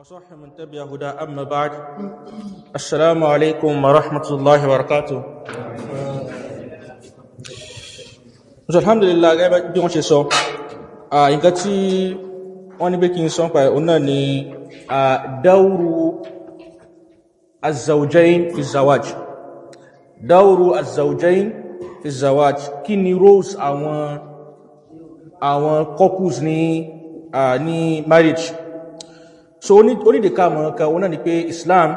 وصح من تبع هدى أما بعد السلام عليكم ورحمة الله وبركاته alhamdulillah gẹ́gẹ́ bí wọ́n ṣe sọ nǹkan tí wọ́n ní bí kí n sọ pẹ̀lú òun náà ni dáúrù azaujain fi zawaj dáúrù azaujain fi zawaj kí ni roles àwọn àwọn couples ní marriage so onídìíká mọ̀ràn kan wọ́n náà ni pé Islam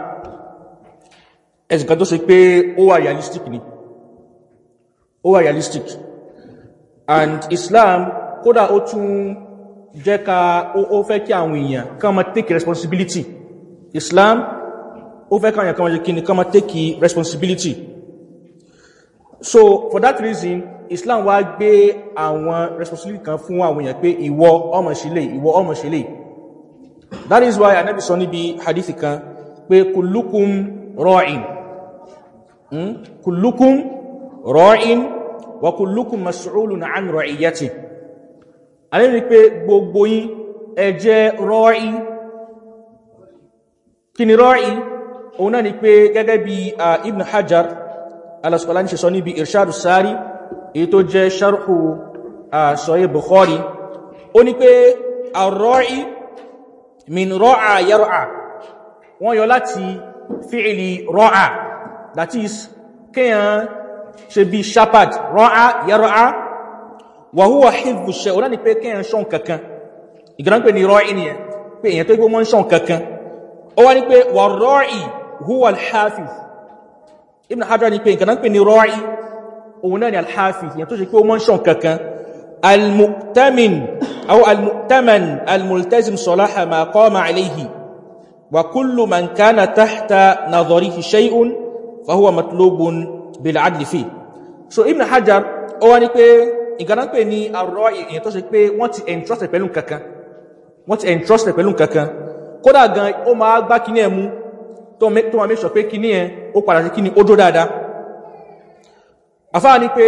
ẹ̀sìn kan tó ṣe pé ó wà realistic ni ó wà realistic and Islam kódà ó tún jẹ́ ká ó fẹ́ kí àwọn èèyàn kan máa take responsibility Islam ó fẹ́ káwọn èèyàn kan máa take responsibility so for that reason Islam wá gbé àwọn responsibility kan fún àwọn èèyàn pé ìwọ ọmọ ṣe ìwọ ọmọ ṣe that is why anabi sọ níbi hadithi kan pé kullukum ra'in hmm? kullukum ra'in wa kullukum mas'ulun an ra'iyati anabi pé gbogbo yín ẹ jẹ́ ra'i kí ni ra'i òun náà ni pé gẹ́gẹ́ bí ibn hajar al-Asqalani ṣe sọ níbi irshadu sari èyí tó jẹ́ sharhu sahih bukhari ó ní ar-ra'i min ra'a yar'a wọ́n yọ láti fi'li ra'a that is kéyàn ṣe bí shepherd ra'a yar'a wa huwa hifdhu shay ọ̀lá ni pé kéyàn ṣọ́n kankan ìgbìyàn pé ni ra'i ni ẹ pé èyàn tó gbó mọ́ ṣọ́n kankan ó wá ní pé wà ra'i huwa al-hafiz ibn Hajar ni pé ìgbìyàn pé ni ra'i òun náà ni al-hafiz èyàn tó ṣe pé ó mọ́ ṣọ́n kankan المؤتمن أو المؤتمن الملتزم صلاح ما قام عليه وكل من كان تحت نظره شيء فهو مطلوب بالعدل فيه so Ibn Hajar ó wá ní pé nǹkan náà pè ní àrọ́ èèyàn tó ṣe pé wọ́n ti entrust pẹ̀lú kankan wọ́n ti entrust pẹ̀lú kankan kódà gan ó máa gbá kíní ẹ̀ mú tó máa make sure pé kíní ẹ̀ ó padà sí kíní ó dó dáadáa àfáà ní pé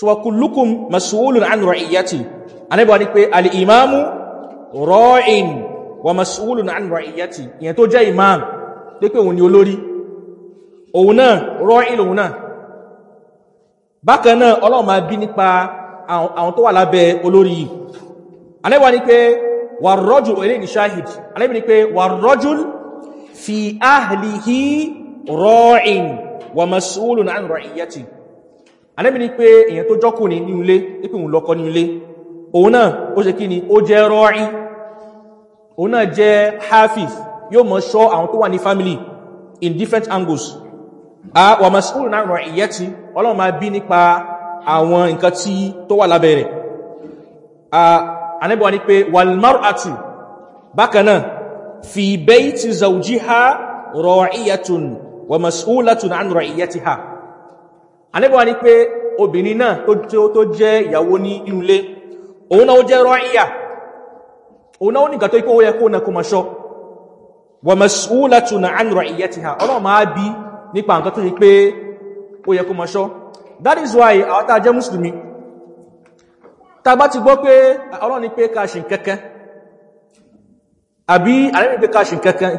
so wa kullukum mas'ulun an ra'iyati anabi wa ní pé al imam ra'in wa mas'ulun an ra'iyati ìyẹn tó jẹ́ imam de pé òun ni olórí òun náà ra'in òun náà bákan náà Ọlọ́run máa bi nípa àwọn tó wà lábẹ́ olórí anabi wa ni pé anẹ́bì ni pé èyàn tó jọ́kù ní ní ilé ipò òun lọ́kọ ní ilé òun náà ó ṣe kí ni ó jẹ́ rọ́rí òun náà jẹ́ hafiz yóò mọ̀ ṣọ́ àwọn tó wà ní family in different angles a wà mọ̀ sí òun náà rọ̀ ìyẹ́ ti ọlọ́run máa bí nípa àwọn nǹkan tí tó wà lábẹ́ rẹ̀ anẹ́bì wa ni pé walmar'atu wa mas'ulatun an ra'iyatiha anẹ́bọ̀wà ní pé obìnrin náà tó jẹ́ ìyàwó ní inúlé òun náà ó jẹ́ rọ́ìyà òun náà ó nìkan tó ikú ó yẹ kó náà kó mọ́ ṣọ́ wà mas'ulatun 'an ra'iyatiha that is why àwọn tá a jẹ́ mùsùlùmí ta bá ti gbọ́ pé ọlọ́run ní pé ká ṣe kẹ́kẹ́ àbí àrẹ́mì pé ká ṣe kẹ́kẹ́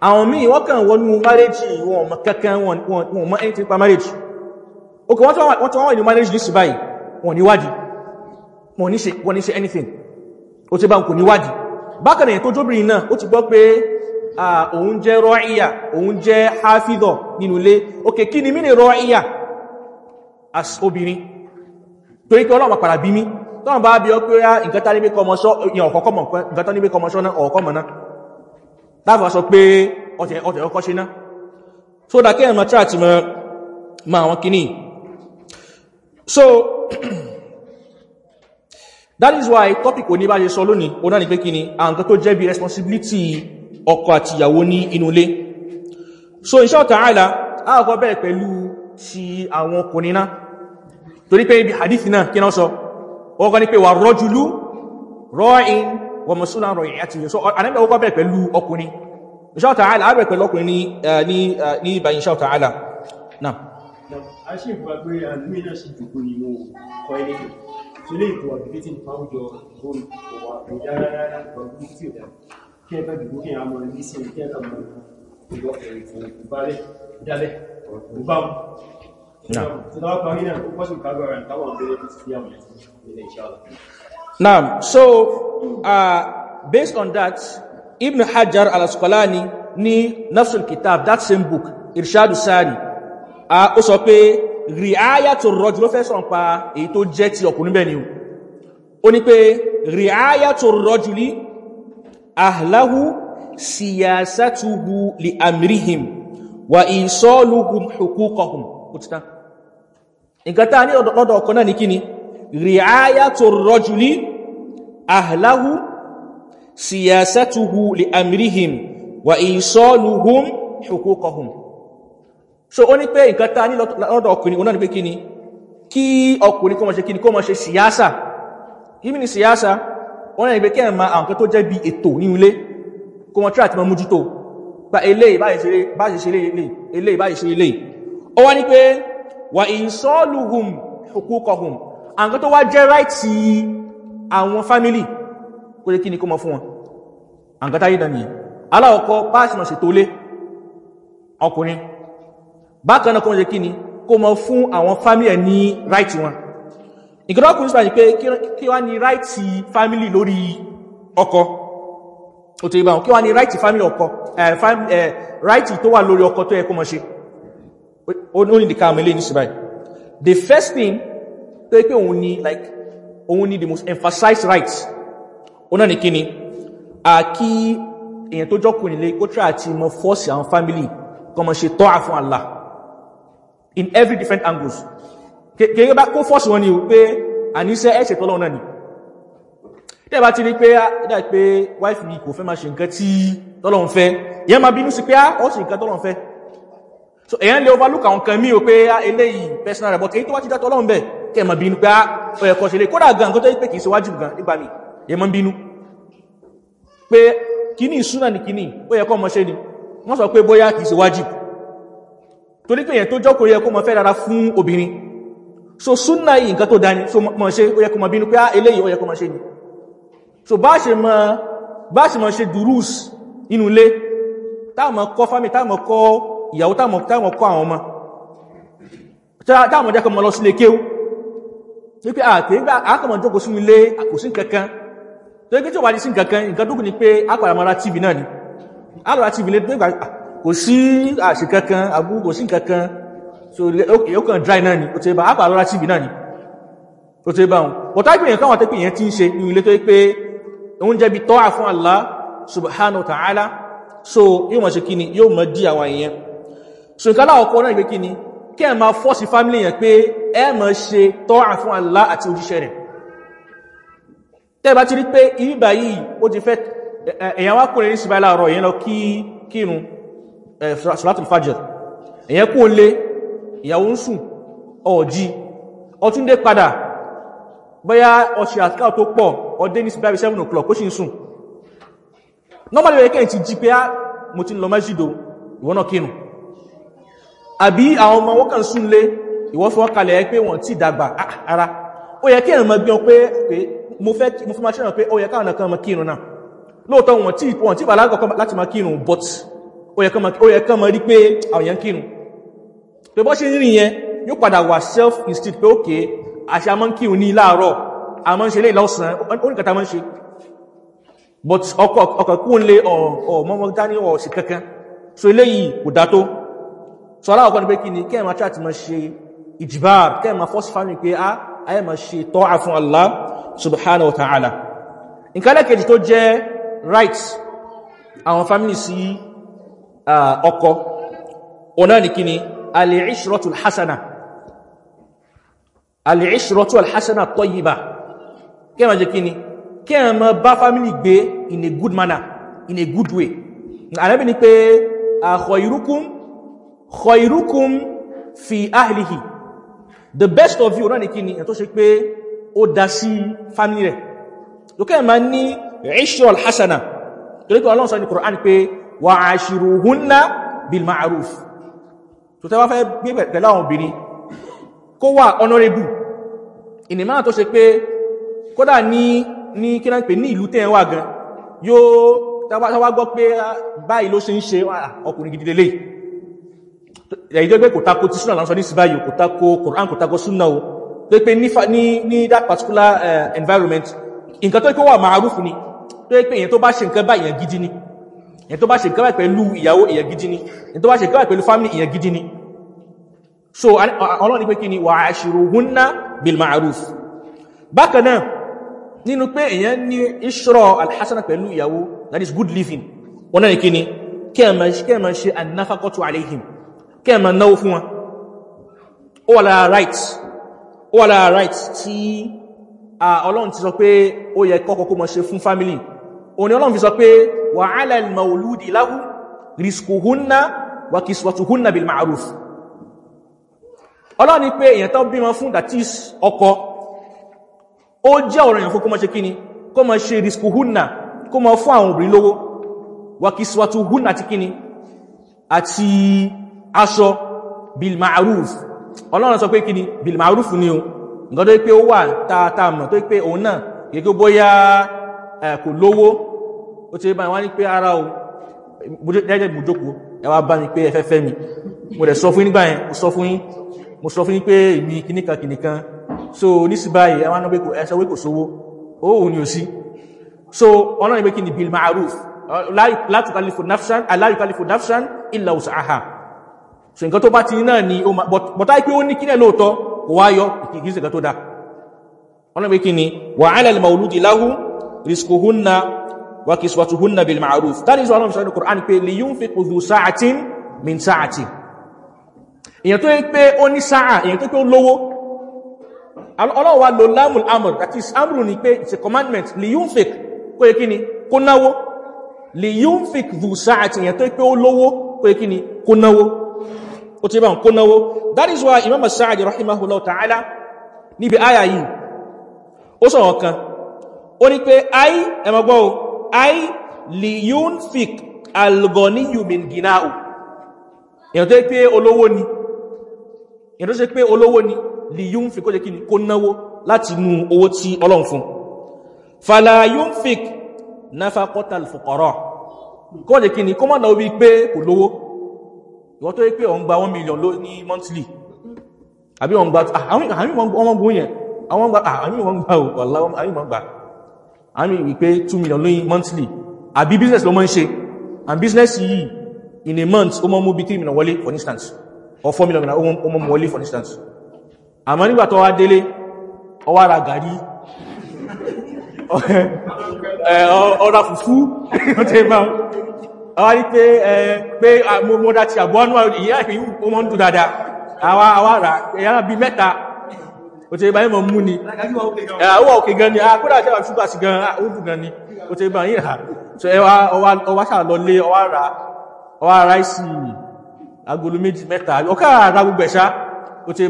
àwọn míì wọ́n kàn wọnú marriage wọn ọmọ kankan wọn mọ́ ẹni tí nípa marriage ok wọ́n tí wọ́n wà ní marriage ní ṣùgbáyì wọ́n níwádìí wọ́n ní ṣe anything ó ti bá ń kò níwádìí bákan èyàn tó jóbìnrin náà ó ti gbọ́ pé òun jẹ́ rọ́ìyà òun jẹ́ hafidọ̀ nínú ilé ok kí ni mínì rọ́ìyà as obìnrin torí pé ọlọ́wọ́ mi tọ́nà bá bí ọ pé ah, nǹkan tá níbi kọmọṣọ́ náà ọ̀kọ́kọ́mọ̀ náà láàfà sọ pé ọ̀tẹ̀ ọkọ̀ ṣe náà so dákẹ́ ẹ̀mọ̀ tí a ti mọ̀ ma àwọn kìíní so that is why topic òní bá ṣe sọ lónìí o náà ni pé kíni àǹkan tó jẹ́ bí responsibility ọkọ àti ìyàwó ní inú so insha Allah ta'ala àkọ́ bẹ̀rẹ̀ pẹ̀lú ti àwọn ọkùnrin náà torí pé ibi hadith náà kí náà sọ ọkọ̀ ni pé wà rọ́júlú rọ́in wa masulan rọ̀yìn àti yìí so àníbẹ̀ wọ́kọ́ bẹ̀rẹ̀ pẹ̀lú ọkùnrin Insha Ta'ala á bẹ̀rẹ̀ pẹ̀lú ọkùnrin ní ibà Insha Ta'ala náà a ṣe ìgbàgbé àlúmínà sí jùgbò ní mo kọ ilé tó lè ìpò àbíkítì tí ó dá kí ẹgbẹ́ jùgbò kí Now, so uh, based on that, Ibn Hajar al-Asqalani ní Nafsul Kitab, that same book, Irshadu Sani, ó uh, sọ pé riayatul rajul ló fẹ́ sọ pa èyí tó jẹ́ ti ọkùnrin bẹ́ẹ̀ ni o. Ó ní pé riayatul rajuli ahlahu siyasatuhu li amrihim wa isaluhum huquqahum. Ó ti tán. Nǹkan tá ní ọ̀dọ̀ ọkọ̀ náà أهله سياسته لأمرهم وإيصالهم حقوقهم so ó ní pé nǹkan tá ní lọ́dọ̀ ọkùnrin onáà ní pé kí ni kí ọkùnrin kó máa ṣe kí ni kó máa ṣe síyásà yìí ni síyásà wọ́n náà ní pé kí ẹ̀mà àwọn nǹkan tó jẹ́ bí ètò ní ilé kó máa tíráàtì máa mójútó pa eléyìí báyìí ṣe eléyìí báyìí ṣe eléyìí ó wá ní pé wà ìsọ́lùhùm huquqahum àwọn nǹkan tó wá jẹ́ ráìtì àwọn fámílì kó lè kí ni kó mọ fún wọn àǹkátá yìí dàmì aláwọ̀kọ́ pàṣìmọ̀ sí tó lé ọkùnrin bákan náà kó lè kí ni kó mọ fún àwọn fámílì ní right wọn ìgbọ́dọ̀kùnrin sọ pé kí wá ní right fámílì lórí ọkọ ó ti bá wọn kí wá ní right fámílì ọkọ right tó wà lórí ọkọ tó yẹ kó mọ ṣe ó ní ìdíkà àmì ilé ní ṣùgbọ́n the first thing tó yẹ pé òun ni like òun the most emphasized rights. Ona ní kíni a kí èyàn tó jọ́kù nílé kó try àti mọ fọ́ọ̀sì àwọn family kó mọ̀ ṣe tọ́à Allah in every different angles kèrè bá kó fọ́ọ̀sì wọn ni wípé àníṣẹ́ ẹ̀ṣẹ̀ tọ́lọ́ náà ni tẹ́ bá ti ni pe dá pé wife mi kò fẹ́ máa ṣe nǹkan tí tọ́lọ́ ń fẹ́ ìyẹn máa bínú sí pé ó ṣe nǹkan tọ́lọ́ so eyan le overlook àwọn kan mí o pé eléyìí personal but èyí tó wá ti da tọ́lọ́ ń kẹ́ mọ̀ bínú pé ọ̀yẹ̀kọ́ ah, ṣe lè kódà gan kó tó pé kìí ṣe wájú gan nígbà mi yẹ bínú pé kíní ìsúnà ní kíní ọ̀yẹ̀kọ́ mọ́ ṣe ni wọ́n sọ pé bóyá kìí ṣe wájú torí pé yẹn tó jọ́ kò yẹ kó mọ́ fẹ́ dára fún obìnrin so súnà yìí nǹkan tó dání so mọ́ ṣe ọ̀yẹ̀kọ́ mọ́ bínú pé ah, eléyìí so bá ṣe mọ́ bá ṣe mọ́ ṣe dùrúùs inú ilé táàmọ̀ kọ́ fámi táàmọ̀ kọ́ ìyàwó táàmọ̀ tí pé àkèégbà ah, àkàmọ̀ jókòó sínú ilé kò sí nǹkankan tó yẹ kí tí ó wà ní sí nǹkankan nǹkan dúkù ni pé àpàràmọ́ra tv náà ni àlọ́ra tv lé nígbà ah, kò sí àṣìkankan ah, àbú kò sí nǹkankan so ó kàn dry náà ni ó ti bá àpàràmọ́ra tv náà ni ó ti bá wọn ọ̀tá ìpìyàn káwọn tẹ́pì yẹn ti ń ṣe ní ilé tó yẹ pé oúnjẹ bí tọ́wà fún Allah subhanahu ta'ala so yóò mọ̀ ṣe kíni yóò mọ̀ dí àwọn èèyàn so nǹkan láwọ̀kọ́ náà ìgbé kíni kí ẹ máa fọ́sí fámílì yẹn pé ẹ máa ṣe tọ́à fún Allah àti òjíṣẹ́ rẹ̀ tẹ́bá ti rí pé ìbà yìí ó ti fẹ́ èyàn wá kúrò ní síbá láàrọ̀ èyàn lọ kí kírun ṣùlátùl fajr èyàn kú lé ìyàwó ń sùn ọ̀jí ọtúndé padà bóyá ọ̀ṣẹ̀ àtikáà tó pọ̀ ọdé ní síbá 7 o'clock ó sì ń sùn normally ẹ̀kẹ́ ti jí pé á ah, mo ti lọ mẹ́sìdò ìwọ́nà kírun àbí àwọn ọmọ wọ́kàn súnlé ìwọ́fọ́ kalẹ̀ pé wọ́n ti dàgbà ah, ara ó yẹ kí ẹ̀rùn mọ́ gbíọn pé mo fẹ́ máa ṣẹ́ràn pé ó yẹ káwọn kan mọ́ kírun náà lóòótọ́ wọ́n ti bàlágà láti máa kírun but ó yẹ kán mọ́ rí pé àwọn yẹn kírun tó bọ́ ṣe rìn yẹn yóò padà wà self instead pé ókè àṣà mọ́ kírun ní láàárọ̀ àmọ́ ń ṣe lè lọ́sàn-án ó nìkàtà mọ́ ń ṣe but ọkọ̀ kúnlé ọ̀ mọ́mọ́ dání ọ̀ sí kankan so eléyìí kò dá tó so aláwọ̀kọ́ ni pé kí ni kẹ́ ma ṣáàtì ma ṣe ìjìbáàr kẹ́ ma fọ́sí fámi pé ah, a ayẹ́ ma ṣe tọ́à fún Allah subhanahu wa ta'ala nǹkan lẹ́kẹ̀ẹ́jì tó jẹ́ right àwọn family sí ọkọ ọ̀nà ni kí ni al-ishratul jẹ́ kí ni kẹ́ ma bá family gbé in a good manner in a good way àrẹ́bìn ni pé ah, khayrukum khairukum fi ahlihi the best of you ran ikini en tó ṣe pé ó dá sí family rẹ̀ ló ke ma ni ishrul hasana torí ko Allah sọ ní Quran pé wa ashiruhunna bil ma'ruf tó tẹ́ wá fẹ́ gbé pẹ̀lú àwọn obìnrin kó wà honorable ini ma tó ṣe pé kódà ní ní kiran pé ní ìlú tẹ́ wà gan yo tá wá gbọ́ pé báyìí ló ṣe ń ṣe ọkùnrin gidi leleyi ìjọgbẹ́ kò tako ti súnà lásán ní síbáyì kò tako Quran kò tako súnà o tó pé ní that particular uh, environment nǹkan tó pé wà ma'arúfù ni tó pé èyàn tó bá ṣe nǹkan bá èyàn gidi ni èyàn tó bá ṣe nǹkan bá pẹ̀lú ìyàwó èyàn gidi ni èyàn tó bá ṣe nǹkan bá pẹ̀lú family èyàn gidi ni so ọlọ́ni pé kí ni wà ashiruhunna bil ma'arúf bákan náà nínú pé èyàn ní ìṣọ́rọ̀ alhassana pẹ̀lú ìyàwó that is good living wọ́n náà ni kí ni kí ẹ ma ṣe an-nafaqatu alayhim kẹ́ẹ̀mà náwó fún wọn ó wà lára right ó wà lára right tí ọlọ́run ti sọ pé ó yẹ kọ́kọ́ kó mọ̀ ṣe fún family òní ọlọ́run fi sọ pé wa 'ala al-mawludi lahu rizquhunna wa kiswatuhunna bil ma'ruf ọlọ́run ni pé èyàn tán bímọ fún that is ọkọ ó jẹ́ ọ̀rọ̀ èyàn fún kó mọ̀ ṣe kíni kó mọ̀ ṣe rizquhunna kó mọ̀ fún àwọn obìnrin lówó wa kiswatuhunna ti kíni àti aṣọ bilmaruf ọlọ́run sọ pé kí ni bilmaruf ni o nǹkan tó pé ó wà tààtà mọ̀ tó pé òun náà gẹ́gẹ́ bóyá kò lówó ó ti bá wá ní pé ara o jẹ́jẹ́ ìbùjókòó ẹ wá bá mi pé ẹ mi mo dẹ̀ sọ fún nígbà yẹn mo sọ so nísìbáyìí ẹ wá náà pé ẹ sọ pé so ọlọ́run pé kí ni bilmaruf la yukallifu nafsan ala yukallifu nafsan illa wus'aha so nǹkan tó bá ti náà ni ó ma bọ̀tá ipé ó ní kí náà lóòtọ́ kò wá yọ ìkìkìsì nǹkan tó dá wọ́n náà pé kí ni wa 'ala al-mawludi lahu rizquhunna wa kiswatuhunna bil ma'ruf that is one of the Quran pé li yunfiqu dhu sa'atin min sa'ati èyàn tó yẹ pé ó ní sáà èyàn tó lówó pé kí ni kó náwó ó ti bá ń kó that is why imam as-Sa'di rahimahullah ta'ala níbi àyà yìí ó sọ̀rọ̀ kan ó ní pé ai ẹmọgbọ́ o ai li yunfik al-ghaniyu min gina'u èyàn tó pé olówó ni èyàn tó ṣe pé olówó ni li yunfik ó jẹ́ kí ni kó náwó láti mú owó tí Ọlọ́run fala yunfik nafaqatal fuqara kó jẹ́ kí ni kó mọ́ náà bí pé ìwọ́n tó yí pé ọ̀n gba 1 million ló ní monthly àbí ọ̀n gba ah, ọmọgbọ́n yẹn àwọn gba àmì wọ́n gba wàlá ah, àmì wọ́n gba àmì wípé 2 million ló ní monthly àbí business ló mọ́ ń ṣe and business yìí in a month ó mọ́ mú bí 3 million wọlé for instance or 4 million ó mọ́ mú wọlé for instance àmọ́ nígbà tó wá délé ó wá ra gàrí ọ̀rà eh, fùfú àwa rí pé pé mọ́dá ti àbúwánú ìyá ìpé o mọ́ ń dùn dáadáa àwa àwa rà ẹ̀yà bí mẹ́ta o tẹ́ ibà yíma mú ni àwọ̀ òkè gan ni àkúrà àti àwọn ṣúgbà sí gan oògùn gan ni o tẹ́ ibà yíha so ẹwà ọwá sàlọlé ọwá rà ọwá ráìsì agolo méjì mẹ́ta ọkà rà gbogbo ẹ̀ṣá o tẹ́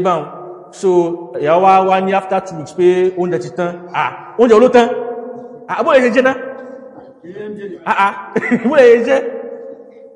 so ìyàwó wá ní after two weeks pé oúnjẹ ti tán ah oúnjẹ olótán àbúrò ẹ̀ṣẹ́ jẹ́ náà àà ìbúrò ẹ̀ṣẹ́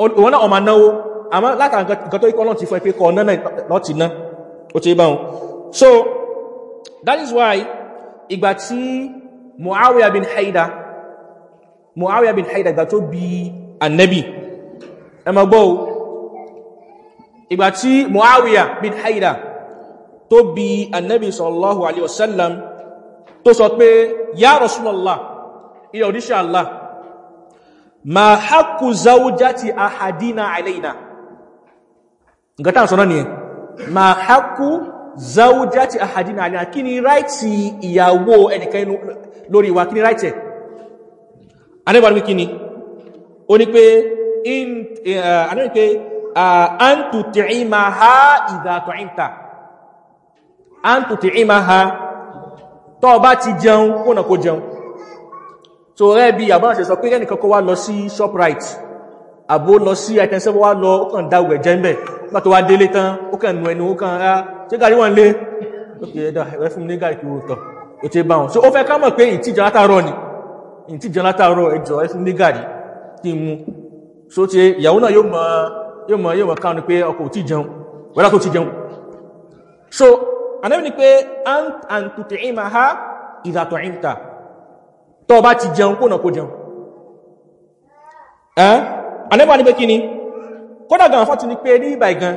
òun náà ọmọ náwó àmọ́ látàrí tó ikọ́ náà fọ́ ipé kọ náà lọ́ti ná ó ti bá wọn so that is why ìgbà tí Muawiya bin Haida Muawiya bin Haida ìgbà tó bí annabi ẹ máa gbọ́ ìgbà tí Muawiya bin Haida tó bí annabi sallallahu alaihi wasallam tó sọ pé ya Rasulullah ilẹ̀ òdíṣẹ́ Allah ma haqqu zawjati ahadina alayna nǹkan tá sọ náà ni ma haqqu zawjati ahadina alayna kí ni right ìyàwó ẹnìkan lórí wa kí ni right ẹ̀ anẹ́bà ní kíni ó ní pé anẹ́bà eh, pé eh, an tut'imaha idha tu'imta an tut'imaha tó bá ti jẹun kó nà kó jẹun so rẹ́ bí àbọ́nà ṣe sọ pé rẹ́nì kọ́kọ́ wá lọ sí shoprite àbó lọ sí ẹ̀tẹ́sẹ́wọ́ wá lọ ó kàn dáwẹ̀ jẹ́mbẹ̀ nígbà tó wá délé tán ó kàn nù ẹnu ó kàn rá ah, ṣé gàrí wọn lé ókè ẹ̀dà ẹ̀rẹ́ fún o so ó fẹ́ ká mọ̀ pé ni ìtìjà látàárọ̀ ẹjọ́ ẹ̀ fún mi ní ọkọ tó bá ti jẹun kó nà kó jẹun ẹ́n anẹ́bà kí ni kódà gan fọ́tí ni pé ní ìbà ìgan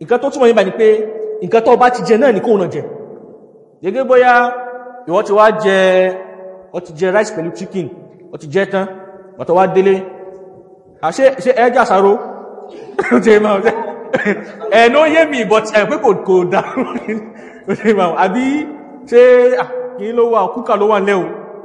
nǹkan tó túnmọ̀ níbà pé nǹkan bá ti jẹ náà ní kóhùn jẹ gẹ́gẹ́ bóyá ìwọ ti wá jẹ ọ ti jẹ rice pẹ̀lú chicken ọ ti jẹ tán wá délé wà kúkà ló wà lẹ́wọ̀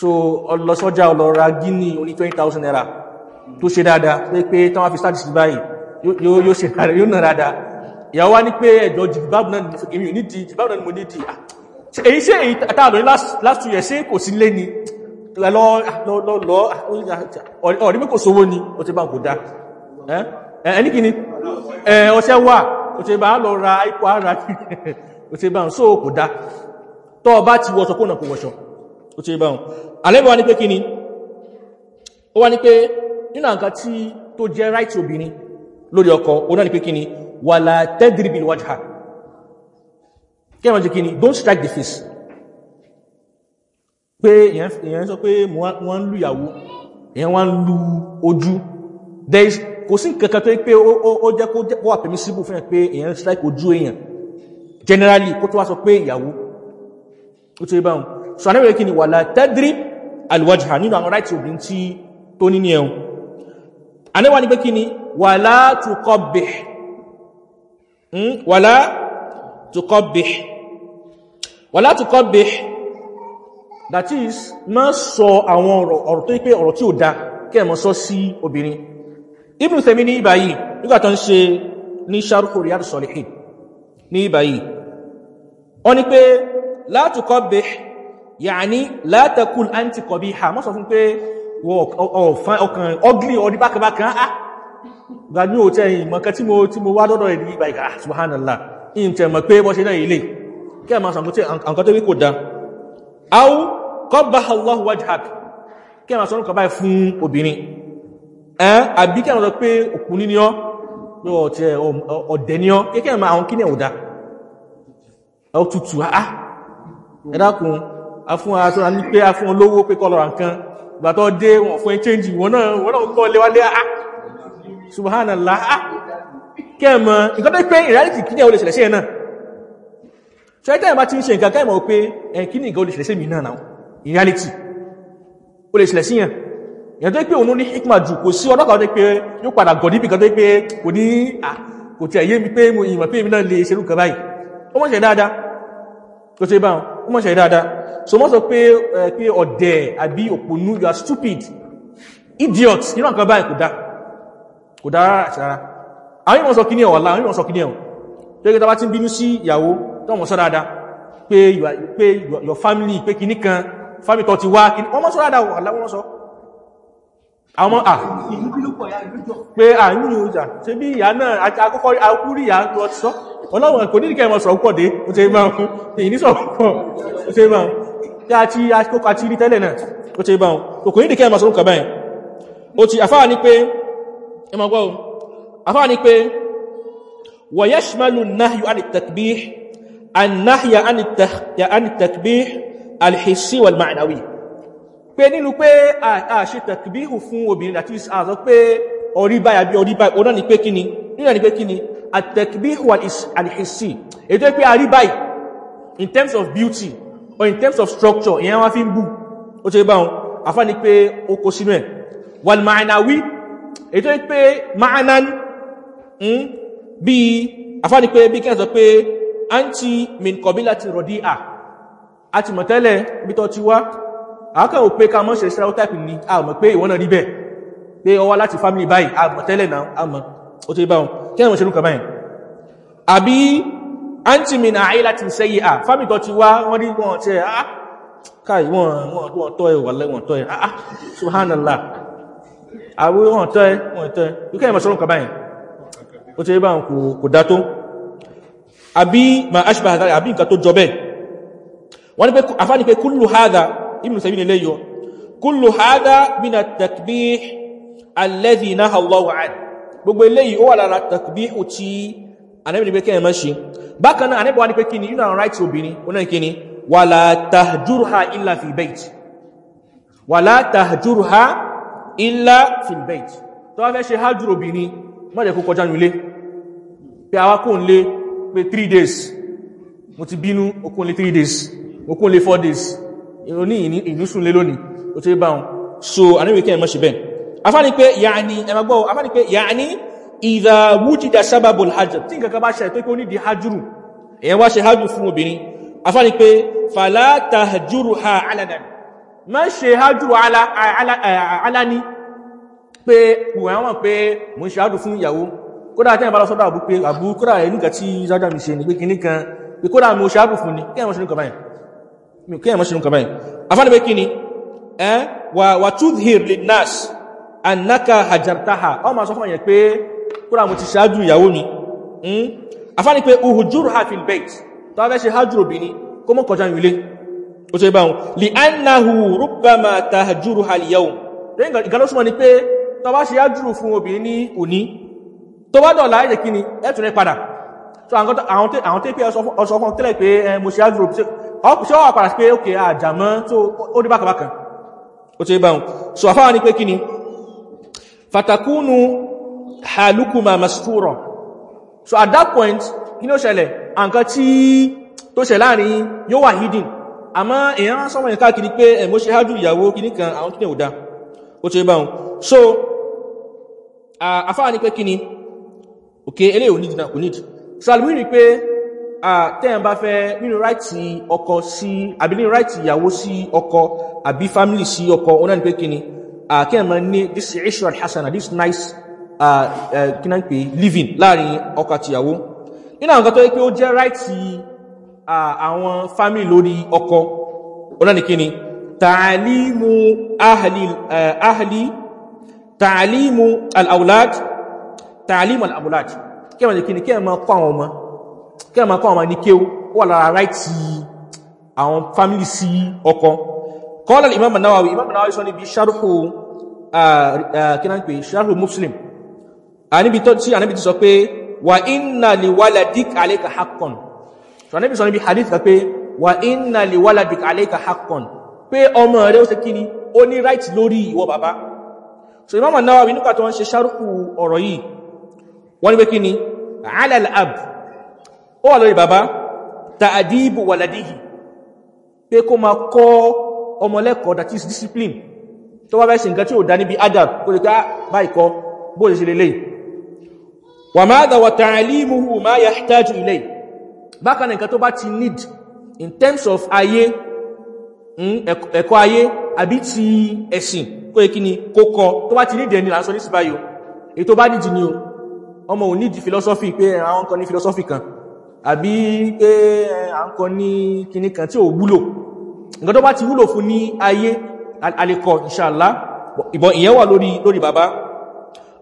so ọlọ́sọ́jà ọlọ́ra gíní oní 20,000 naira tó ṣe dáadáa pé pé tán wá fi sáàdì sí báyìí yóò ṣe dáadáa yóò náà dáadáa ìyàwó wá ní pé ẹ̀dọ̀ jìbáàbù náà mo ní ti èyí ṣe èyí tààlọ́ last two years ṣe kò sí lé ni ọ̀rí pé ni ó ti bá kò dá ẹni kìíní ọṣẹ́ wà ó ti bá lọ ra ipò ara ó ti bá ń só kò dá tọ́ bá ti wọ́ṣọ alẹ́bọ̀ wá ní pé kí ni ó wá ní pé nínú nǹkan tí tó jẹ́ right obìnrin lórí ọkọ ó ní pé kí ni wala tadribil wajha kẹ́mọ̀ jẹ́ kí ni don't strike the face pé èyàn sọ pé wọ́n ń lù ìyàwó èyàn wọ́n ń lù ojú there is kò sí kankan tó pé ó jẹ́ kó wà permissible fún ẹ̀ pé èyàn strike ojú èyàn generally kó tó wá sọ pé ìyàwó ó tó ibáhùn so anẹ́wẹ̀ẹ́ kí ni wala tadrib alwajha nínú àwọn right obìnrin tí tó ní ní ẹun anẹ́wà ní pé kí ni wala tuqabbih hmm? wala tuqabbih wala tuqabbih that is má sọ àwọn ọ̀rọ̀ tó pé ọ̀rọ̀ tí ó dá kẹ́ẹ̀mọ́ sọ sí obìnrin Ibn Taymi ní ìbáyìí nígbàtán ṣe ní sharhu Riyadus Salihin ní ìbáyìí wọ́n ni pé la yàní la taqul anti qabiha mọ́ sọ fún pé ọkàn ọgbìn ọdí bákanbákan á ah. gbàgbé òtẹ́ ìmọ̀kan tí mo tí mo wá dọ́dọ̀ ìdí ìgbà ìgbà subhanallah in tẹ̀ mọ̀ pé bọ́ ṣe náà ilé kí a máa sọ pé àǹkan tó wí kò dá au qabbaha Allahu wajhak kí a máa sọ nǹkan báyìí fún obìnrin àbí kí a máa sọ pé ọ̀tútù á ẹ̀dákun a fún aṣọ́ra ní pé a fún olówó pé kọlọ̀ nǹkan gbàtọ́ dé wọ́n fún ẹ̀chẹ́njì wọ́n náà wọ́n náà kọ́ léwálé àá ah, subhanallah àá ah. kẹ́ẹ̀mọ́ nǹkan tó pé ìrẹ́lìtì kí ní ẹ̀wọ́ lè ṣẹlẹ̀ sí ẹ̀ náà ṣe ẹ́ tẹ́ẹ̀má ti ń ṣe nǹkan kẹ́ẹ̀mọ́ pé ẹ̀ kí ní nǹkan ó lè ṣẹlẹ̀ sí mi náà náà ìrẹ́lìtì ó lè ṣẹlẹ̀ sí yẹn ìyẹn tó pé òun ní hikma jù kò sí ọlọ́kà tó pé yóò padà gọ̀ níbi kan tó pé kò ní ah, kò tí ẹ̀yé mi pé mo ìmọ̀ mọ́ ṣe dáadáa so mọ́ sọ pé ọ̀dẹ̀ àbí òpònú you are stupid idiot irú nǹkan báyìí kò dá kò dá àṣàrá àwọn ìmọ̀ sọ kí ní ẹ̀wọ̀ láwọn ìmọ̀ sọ kí ní ẹ̀wọ̀ tó gẹ́gẹ́ bá ti ń bínú sí ìyàwó tó mọ̀ sọ dáadáa your family pé kì níkan family tó ti wá kì ní wọ́n mọ́ sọ dáadáa wà láwọn sọ àwọn à pé à ń yóò jà ṣe bí ìyá náà akọ́kọ́ akúrí ìyá lọ ọlọ́run kò nídìí kẹwọ́n sọ̀rọ̀kọ́ dé o ṣe bá wọn èyí ní sọ̀rọ̀kọ́ o ṣe bá wọn tí a ti akókò àti rí tẹ́lẹ̀ náà o ṣe bá wọn o kò nídìí kẹwọ́n sọ̀rọ̀kọ́ báyìí o ti afáà ní pé ẹmọgbọ́ afáà ní pé wa yashmalu nahyu an takbih an nahya an takbih alhissi wal ma'nawi pé nínú pé a ṣe nínú ẹni pé kí ni at-takbih al-hissi ètò ìpé àríbáì in terms of beauty or in terms of structure ìyẹn wá fi ń bú ó tẹ́ báhùn afá ni pé ó kó sínú ẹ̀ wal ma'nawi ètò ìpé ma'nan hmm, bí afá ni pé bí kẹ́ẹ̀sọ pé anti min qabilati radi'a àti mọ̀tẹ́lẹ̀ bí tọ́ ti wá àákàn ò pé ká mọ́ ṣe stereotype ni a ó ti báhùn kí ẹ̀wọ̀n ṣerú kàbáyìn àbí antimin àáyí láti sẹ́yí à fámìtọ́ ti wá wọ́n rí wọ́n tẹ́ àá ah, káì wọ́n tọ́ ẹ wà lẹ́wọ̀n tọ́ ẹ àá ah, ah, subhanallah àwọn wọ́n tọ́ ẹ wọ́n tọ́ ẹ yíká ẹ̀mọ̀ ṣerú kàbáyìn ó ti báhùn kò dá tó àbí ma ashba hadari àbí nǹkan tó jọ bẹ́ẹ̀ wọ́n ní pé afáni pé kullu hadha nílé yọ kullu hadha min at-takbih alladhi naha Allahu anhu gbogbo eléyìí ó wà lára takbihu tí Ànábì ní pé kẹ́yàn má ṣe bákan náà Ànábì wá ní pé kíni inú àwọn right obìnrin ó náà kíni wala tahjurha illa fil bait wala tahjurha illa fil bait tó wá fẹ́ ṣe hajjúrò obìnrin má jẹ́ kó kọjá nílé pé awakó ń lé pé 3 days mo ti bínú okun lé 3 days okun lé 4 days ìròní ìnúsùn lé lónìí ó ti bá wọn so Ànábì kẹ́yàn má ṣe bẹ́ẹ̀ afáni pé yàní ẹmàgbọ́ afáni pé yàní ìdà wújìdà sábàbùl hajjá tí nǹkan bá ṣẹ̀tọ́ pé ó ní di hajjúrù èyàn wá ṣe hajjù fún obìnrin afáni pé fàlátà hajjúrù ha aládàní má ṣe hajjúrù alání pé wọ́n pé mú ṣe hajjù fún ìyàwó kódà tẹ́ bá lọ sọ́dọ̀ àbú pé àbú kódà ẹ̀ nígbà tí zájá mi ṣe ní pé kìíní kan pé kódà mi ò ṣe hajjù fún ni kí ẹ̀mọ́ ṣe nǹkan báyìí afáni pé kí ni wà túdhìr lè náà annaka hajartaha o ma sọ fún yẹn pé kura mo ti ṣáájú ìyàwó hmm? ni hmm afani pé uhujurha fil bait ta be se hajuru bi ni ko mo kọjá nílé o se baun li annahu rubbama tahjuruha al yawm den ga galo ni pé tó bá ṣe hajuru fún obìnrin ní òní tó bá dola ẹ kíni ẹ tún lè padà so àwọn àwọn te àwọn te pé sọ fún sọ fún tẹ́lẹ̀ pé mo ṣe hajuru se o se wa para pé okay ajamo so o di baka o se baun so afa ni pé kíni fatakunu halukuma mastura so at that point kí ló ṣẹlẹ̀ nǹkan tí tó ṣẹlẹ̀ láàrin yóò wà hidden àmọ́ èyàn sọ́wọ́n ìká kìí pé ẹ̀mọ́ ṣe hájú ìyàwó kìí kan àwọn tí ní òdá ó ṣe báhùn so afa ní pé kíni òkè elé ò nídìí náà kò nídìí so alimi ni pé tẹ́yàn bá fẹ́ nínú ráìtì ọkọ oko. àbí nínú ráìtì ìyàwó sí ọkọ àbí fámílì sí ọkọ ó náà ní pé kíni àkíyàn ah, ma ní this ishran hasana this nice ah, eh, kí náà ń pè living láàrin ọkọ àtìyàwó nínú àwọn tó yẹ pé ó jẹ́ ráìtì ah, àwọn family lórí ọkọ olónìkíni tààlímù ahli tààlímù al'aulad tààlímù al'aulad kí ẹ̀mà jẹ́kíni kí ẹ̀mà kọ́ àwọn ọmọ kí ẹ̀mà kọ́ àwọn ọmọ ní kéwú wà lára ráìtì àwọn family sí ọkọ قال الإمام النووي إمام النووي sọ níbi ṣarhu uh, uh, kí náà ń pè ṣarhu muslim àníbi tó tí àníbi ti sọ pé wà inna li waladik alayka haqqan sọ níbi sọ níbi hadith kan pé wà inna li waladik alayka haqqan pé ọmọ rẹ̀ ó ṣe kí ni ó ní right lórí ìwọ bàbá so Imam an-Nawawi nípa tó wọ́n ṣe ṣarhu ọ̀rọ̀ yìí wọ́n ní pé kí ni ala al-ab ó wà lórí bàbá ta'adibu waladihi pé kó máa kọ́ ọmọlẹ́kọ̀ọ́ that is discipline tó wá bẹ́ẹ̀sì nǹkan tí ó dá níbi adab kò lè ká ah, báyìí kọ́ bó lè ṣe lè lèyìn wà máa dáwà ta'alimuhu ma yahtaju ilay bákan nǹkan tó bá ti need in terms of ayé hmm, ẹ̀kọ́ ayé àbí ti ẹ̀sìn kó yẹ kí ni kó kọ tó bá ti need ẹni lásán ní síbáyò èyí tó bá need ni o ọmọ ò need philosophy pé eh, àwọn kan ní philosophy kan àbí pé eh, àwọn kan ní kíní kan tí ò wúlò nǹkan tó bá ti wúlò fún ní ayé alẹ́kọ̀ inshallah ìbọn ìyẹn wà lórí lórí bàbá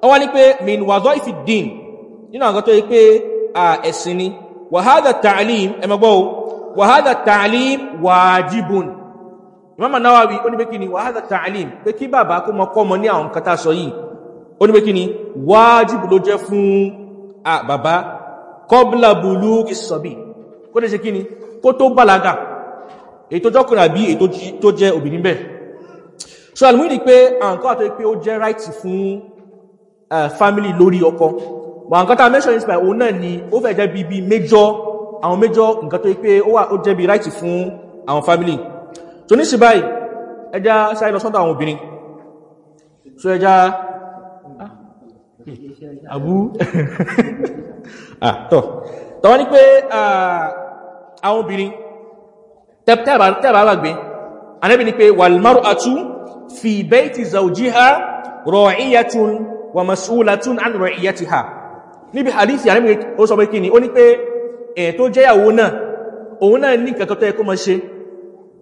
ọ wá ní pé min wàzọ́ ìfìdín nínú àwọn tó yí pé ẹ̀sìn ni wàhádà tààlìm ẹmọgbọ́ wàhádà tààlìm wàjibun Imam Nawawi ó ní pé kí ni wàhádà tààlìm pé kí bàbá kó mọ kọ́mọ ní àwọn kata sọ yìí tó ṣe ètò jọ́kùnrin àbí ètò tó jẹ́ obìnrin bẹ́ẹ̀ so alìmú ní pé àǹkọ́ àtọ́ pé ó jẹ́ right fún family lórí ọkọ but nǹkan tá mention is by òun náà ni ó fẹ́ jẹ́ bí bí major àwọn major nǹkan tó pé ó jẹ́ bí right fún àwọn family so ní sí báyìí ẹjá sáré lọ sọ́dọ̀ àwọn obìnrin so ẹjá àbú ah, ah tọ́ tọ́wọ́ ní pé ah, àwọn obìnrin tẹ́bà gbàgbé anábi ni pé walmar'atu fi bayti zawjiha ra'iyatun wa mas'ulatun an ra'iyatiha níbi hadithi anábi ó sọ pé kí ni ó ní pé ẹ̀ tó jẹ́yàwó náà òun náà ní kẹ́kọ́ tẹ́ kó mọ́ ṣe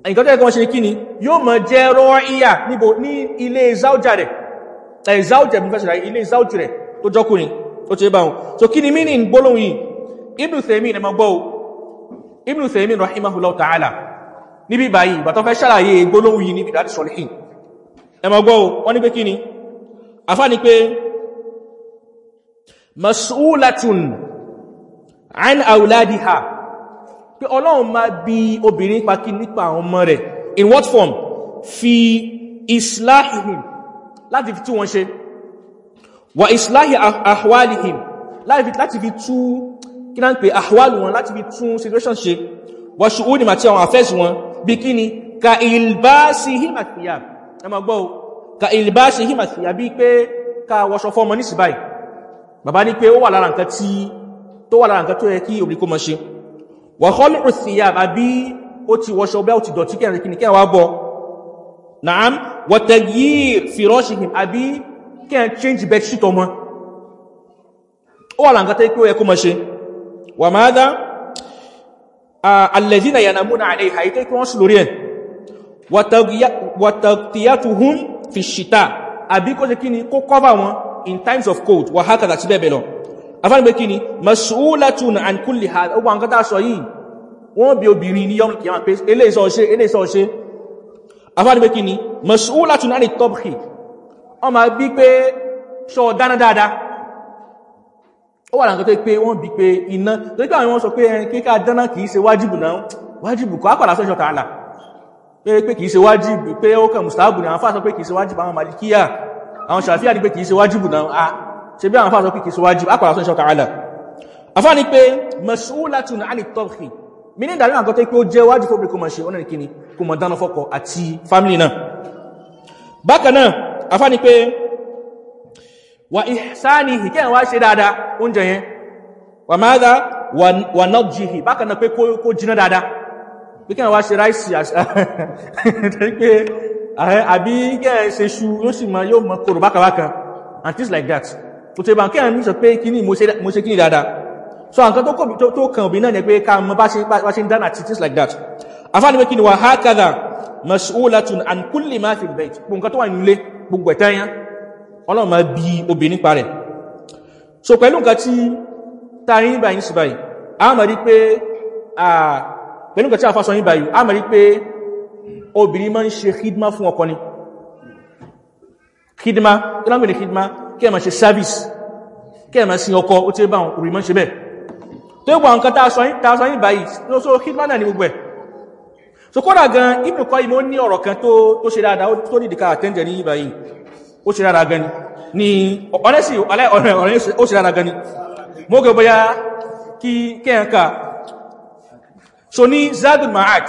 ẹ̀yìnkọ́ tẹ́ kó mọ́ ṣe kí ni so kí ni mínì gbólóhùn yìí Ibn Thaymin ẹmọ gbọ́ Ibn Thaymin rahimahullahu ta'ala níbi báyìí ìgbà tó fẹ́ ṣàlàyé gbólóhùn yìí níbi dájú sọ̀lẹ̀hìn ẹmọ̀gbọ́ wọ́n ní pé kí ni afá ni pé mas'ulatun an auladiha pé ọlọ́run máa bi obìnrin pàkí nípa àwọn ọmọ rẹ̀ in what form fi islahihim láti fi tú wọn ṣe wa islahi ahwalihim láti fi tú kí náà pé ahwalu wọn láti fi tún situation ṣe wa ṣùgbọ́n ni màtí àwọn affairs wọn bí kí ni ka ìlbáṣì hímàtíyà ẹ ma gbọ́ ka ìlbáṣì hímàtíyà bí pé ká wọṣọ fọ́mọ ní síbáì bàbá ní pé ó wà lára nǹkan tí tó wà lára nǹkan tó yẹ kí obìnrin kó mọ́ ṣe wọ̀họ́lù òsìyà àbí ó ti wọṣọ bẹ́ ó ti dọ̀tí kẹrin kí ni kẹ́ wá bọ́ naam wọ̀tẹ̀gí fìrọ́ṣìhìn àbí kẹ́ change bed sheet ọmọ ó wà lára nǹkan tó yẹ kó mọ́ ṣe wà máa dá alẹ́zínà yanamúnà àdé ìhàítẹ́ kí wọ́n sì lórí ẹ̀ wàtàkìyàtùhún fi ṣìta àbí kó ṣe kí ni kó kọ́fà wọn in times of cold wà hákàtà sí bẹ́ẹ̀bẹ̀ lọ afẹ́gbẹ́ kí ni masúúlátùn and kúlì ha ó wọn kọ́tà sọ yìí wọ́n bí obìnrin ní yọmù kìyàmà ó wà láǹkan tó pé wọ́n bí pé iná tó ní káwọn wọ́n sọ pé ẹni kíkà dáná kìí ṣe wájìbù náà wájìbù kọ́ àpàdà sọ́jọ́ tààlà pé kìí ṣe wájìbù pé ó kàn mùsùláàbù ní àwọn fásọ pé kìí ṣe wájìbù àwọn màlìkíyà àwọn ṣàfíà ní pé kìí ṣe wájìbù náà ṣe bí àwọn fásọ pé kìí ṣe wájìbù àpàdà sọ́jọ́ tààlà afá ni pé mas'ulatun 'ani at-tabkhi mi ní ìdàlẹ́ àkọ́tẹ́ wà ìsáàníhì kí àwọn ṣe dáadáa oúnjẹ yẹn wà máa dá wà náà jìhì bákan náà pé kó jiná dáadáa pé kí àwọn ṣe ráìsì àbí kí àwọn ṣe ṣu yóò sì máa yóò mọ kòrò bákabákan and things like that tó tẹ́ bá kí àwọn sọ pé kí ni mo ṣe kí ni dáadáa so nǹkan tó kàn òbí náà ni pé ká mọ bá ṣe ń dáná àti things like that afáàní pé kí ni wà hákàdà mas'ulatun an kulli ma fi al-bayt gbogbo nǹkan tó wà nílé gbogbo ẹ̀tẹ́yàn ọlọ́run ma bí obìnrin nípa rẹ̀ so pẹ̀lú nǹkan tí tàrí ìbà yìí síbà yìí a mọ̀ rí pé pẹ̀lú nǹkan tí a fásọ yìí báyìí a mọ̀ rí pé obìnrin ma ń ṣe hidma fún ọkọ ni hidma ìlànà ní hidma kí ẹ ma ṣe service kí ẹ ma sin ọkọ ó tí ó bá wọn orí ma ń ṣe bẹ́ẹ̀ tó gbọ́ nǹkan tàásọ yìí báyìí so hidma náà ni gbogbo ẹ̀ so kódà gan Ibn Qayyim ó ní ọ̀rọ̀ kan tó ṣe dáadáa tó nìdíkà àtẹ́ǹjẹ̀ ní ìbáyìí ó ṣe rárá gan ni ọ̀rẹ́sì ọ̀rẹ́ ó ṣe rárá gan ni mo gẹ bóyá kí kẹ́ẹ̀kà so ní zadul ma'ad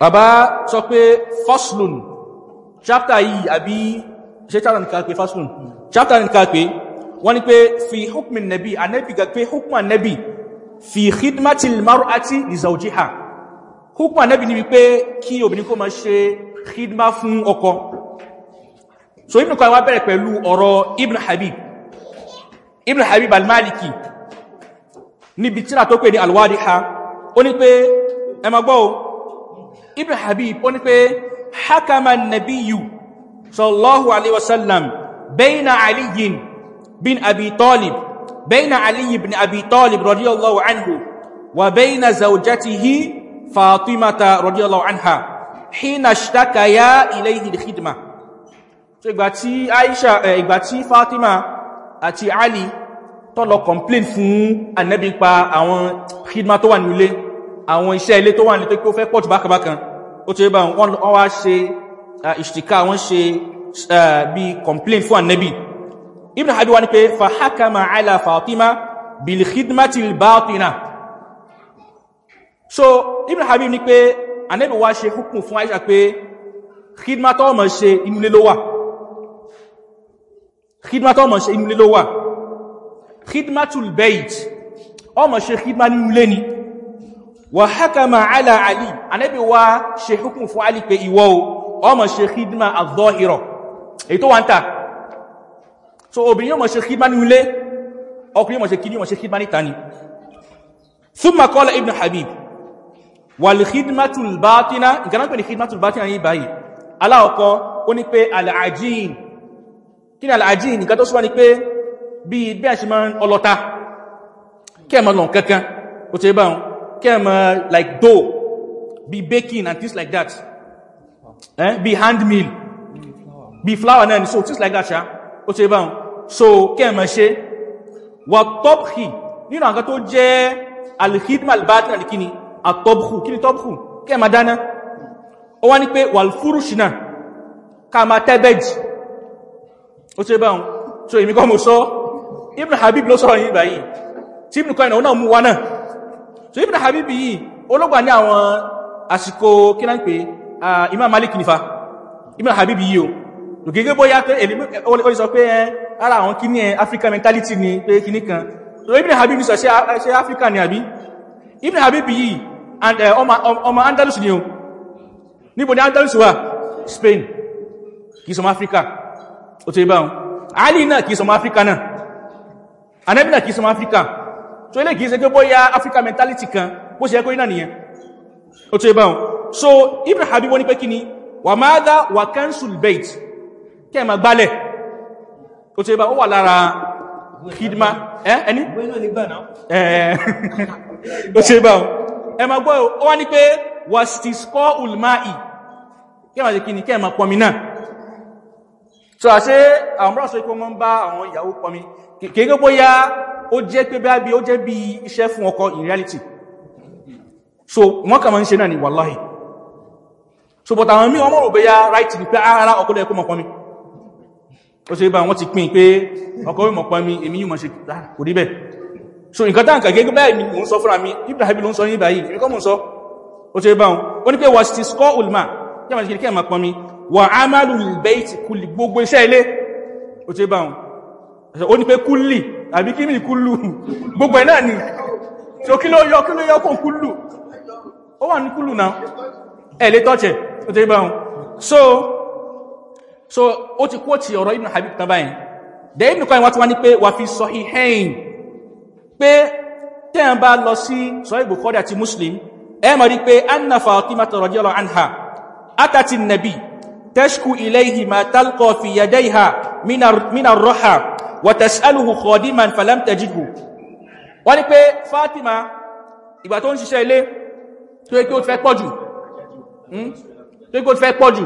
bàbá sọ pé faslun chapter yìí àbí ṣe chapter nìkan pé faslun chapter nìkan pé wọ́n ni pé fi hukmin nabi anẹ́bì ga pé hukman nabi fi khidmatil mar'ati li zawjiha hukman nabi ni wípé kí obìnrin kó ma ṣe khidma fún ọkọ so ibn kan wá bẹ̀rẹ̀ pẹ̀lú ọ̀rọ̀ ibn habib ibn habib al-maliki níbi tíra tó pè ní alwadiha ó ní pé ẹ máa gbọ́ o ibn habib ó ní pé hakama nabiyu sallallahu alaihi wasallam bayna aliyin bin abi talib bayna aliyi bin abi talib radiyallahu anhu wa bayna zawjatihi fatimata radiyallahu anha hina ishtakaya ilayhi al-khidmah so ìgbà tí Aisha eh, ìgbà tí Fatima àti Ali tó lọ complain fún Ànábì pa àwọn khidma tó wà nílé àwọn iṣẹ́ ilé tó wà nílé tó fẹ́ pọ̀jù bákanbákan ó tó yíba wọ́n wá ṣe eh, ìṣtìká wọ́n ṣe eh, bí complain fún Ànábì Ibn Habi wá pé fahakama ala Fatima bil khidmatil batina so Ibn Habi ní pé Ànábì wá ṣe hukun fún Aisha pé khidma tó khidma tó mọ̀ ṣe inú ilé ló wà khidmatul bayt ọmọ ṣe khidma ní ilé ni wà hakama ala ali anábi wa ṣe hukun fún ali pé ìwọ ọmọ ṣe khidma az-zahira èyí tó wà ń ta so obìnrin yóò mọ̀ ṣe khidma ní ilé ọkùnrin mọ̀ ṣe kí ní mọ̀ ṣe khidma níta ni thumma qala ibn habib wal khidmatul batina nǹkan náà pè khidmatul batina ní báyìí aláọ̀kọ́ ó ní pé al-ajin kí ni àlàájì nìkan tó súnmọ́ ni pé bí i a àṣì máa ń ọlọ́ta kẹ́ẹ̀mọ́ lọ kankan ó tẹ́ bá wọn kẹ́ẹ̀mọ́ like dough bí baking and things like that eh? bí handmill bí flour náà so things like that ṣá ó tẹ́ bá wọn so kẹ́ẹ̀mọ́ ṣe wà tọ́pù nínú àkà tó jẹ́ alhidma albatina ní kíni àtọ́pù kíni tọ́pù kẹ́ẹ̀mọ́ dáná ó wá ní pé wàlfúrúṣì náà ká máa tẹ́bẹ̀jì ó tí ó báhùn so èmi kọ́ mo sọ ibn habib ló sọ̀rọ̀ yìí báyìí tí ibn kọ́ìnà ó náà mú wa náà so ibn habib yìí olóògbà ní àwọn àsìkò kíná ń imam malik nífa ibn habib yìí o lògẹ́gẹ́ bóyá pé olè sọ pé ara àwọn kíní ẹ mentality ni pé kan so ibn habib sọ ṣe ni àbí ibn habib yìí ọmọ andalus ni o níbo ni andalus wà spain kìí sọmọ africa ó ti báhùn alì náà kìí sọmọ áfíríkà náà anẹ́bì náà kìí sọmọ áfíríkà tó ilé kìí ṣe pé bóyá áfíríkà mentality kan bó ṣe ẹkọ́ iná nìyẹn ó ti so ibn habib ní pé kí ni wà máa dá wà council bait kẹ́ ma gbálẹ̀ ó ti báhùn ó wà lára hidma ẹni ó ti báhùn ẹ ma gbọ́ ó wá so àṣé àwọn bọ́rọ̀ sọ ikú mọ́ ń bá àwọn ìyàwó pọmi kìí bóyá ó jẹ́ pé bá bí ó jẹ́ bí iṣẹ́ fún ọkọ in reality so wọ́n kà máa ń ṣe náà ni wàláhì so but àwọn míì ọmọ rò right ni pé ara ah, ọkọ lẹ́ẹ̀kọ́ mọ̀ pọmi ó ṣe bá wọ́n ti pín pé ọkọ mọ̀ pọmi èmi yìí mọ̀ ṣe ah, kò rí so nǹkan táǹkà gẹ́gẹ́ báyìí mi mò ń sọ fúnra mi ibrahim ló ń sọ yín báyìí èmi kọ́ mò ń sọ ó ṣe wà ámàlù ìbẹ́ìtì kúlì gbogbo iṣẹ́ ilé o ti bá wọn o ní pé kúlì àbí kí ní kúlù gbogbo ẹ̀ náà ni tí ó kí ló yọ kí ló yọ kún kúlù ó wà ní kúlù náà ẹ̀ lé tọ́chẹ̀ o ti bá so so ó ti kó ti ọ̀rọ̀ Ibn Habib tán báyìí dẹ̀ Ibn Qayyim wá ti wá ní pé wà fi Sahihayn pé tẹ́yàn bá lọ sí Sahih Bukhari àti nabi تشكو إليه ما تلقى في يديها من من الرحى وتسأله خادما فلم تجده wọ́n ní pé Fatima ìgbà tó ń ṣiṣẹ́ ilé tó yẹ kí ó fẹ́ pọ̀jù hmm? tó yẹ kí ó fẹ́ pọ̀jù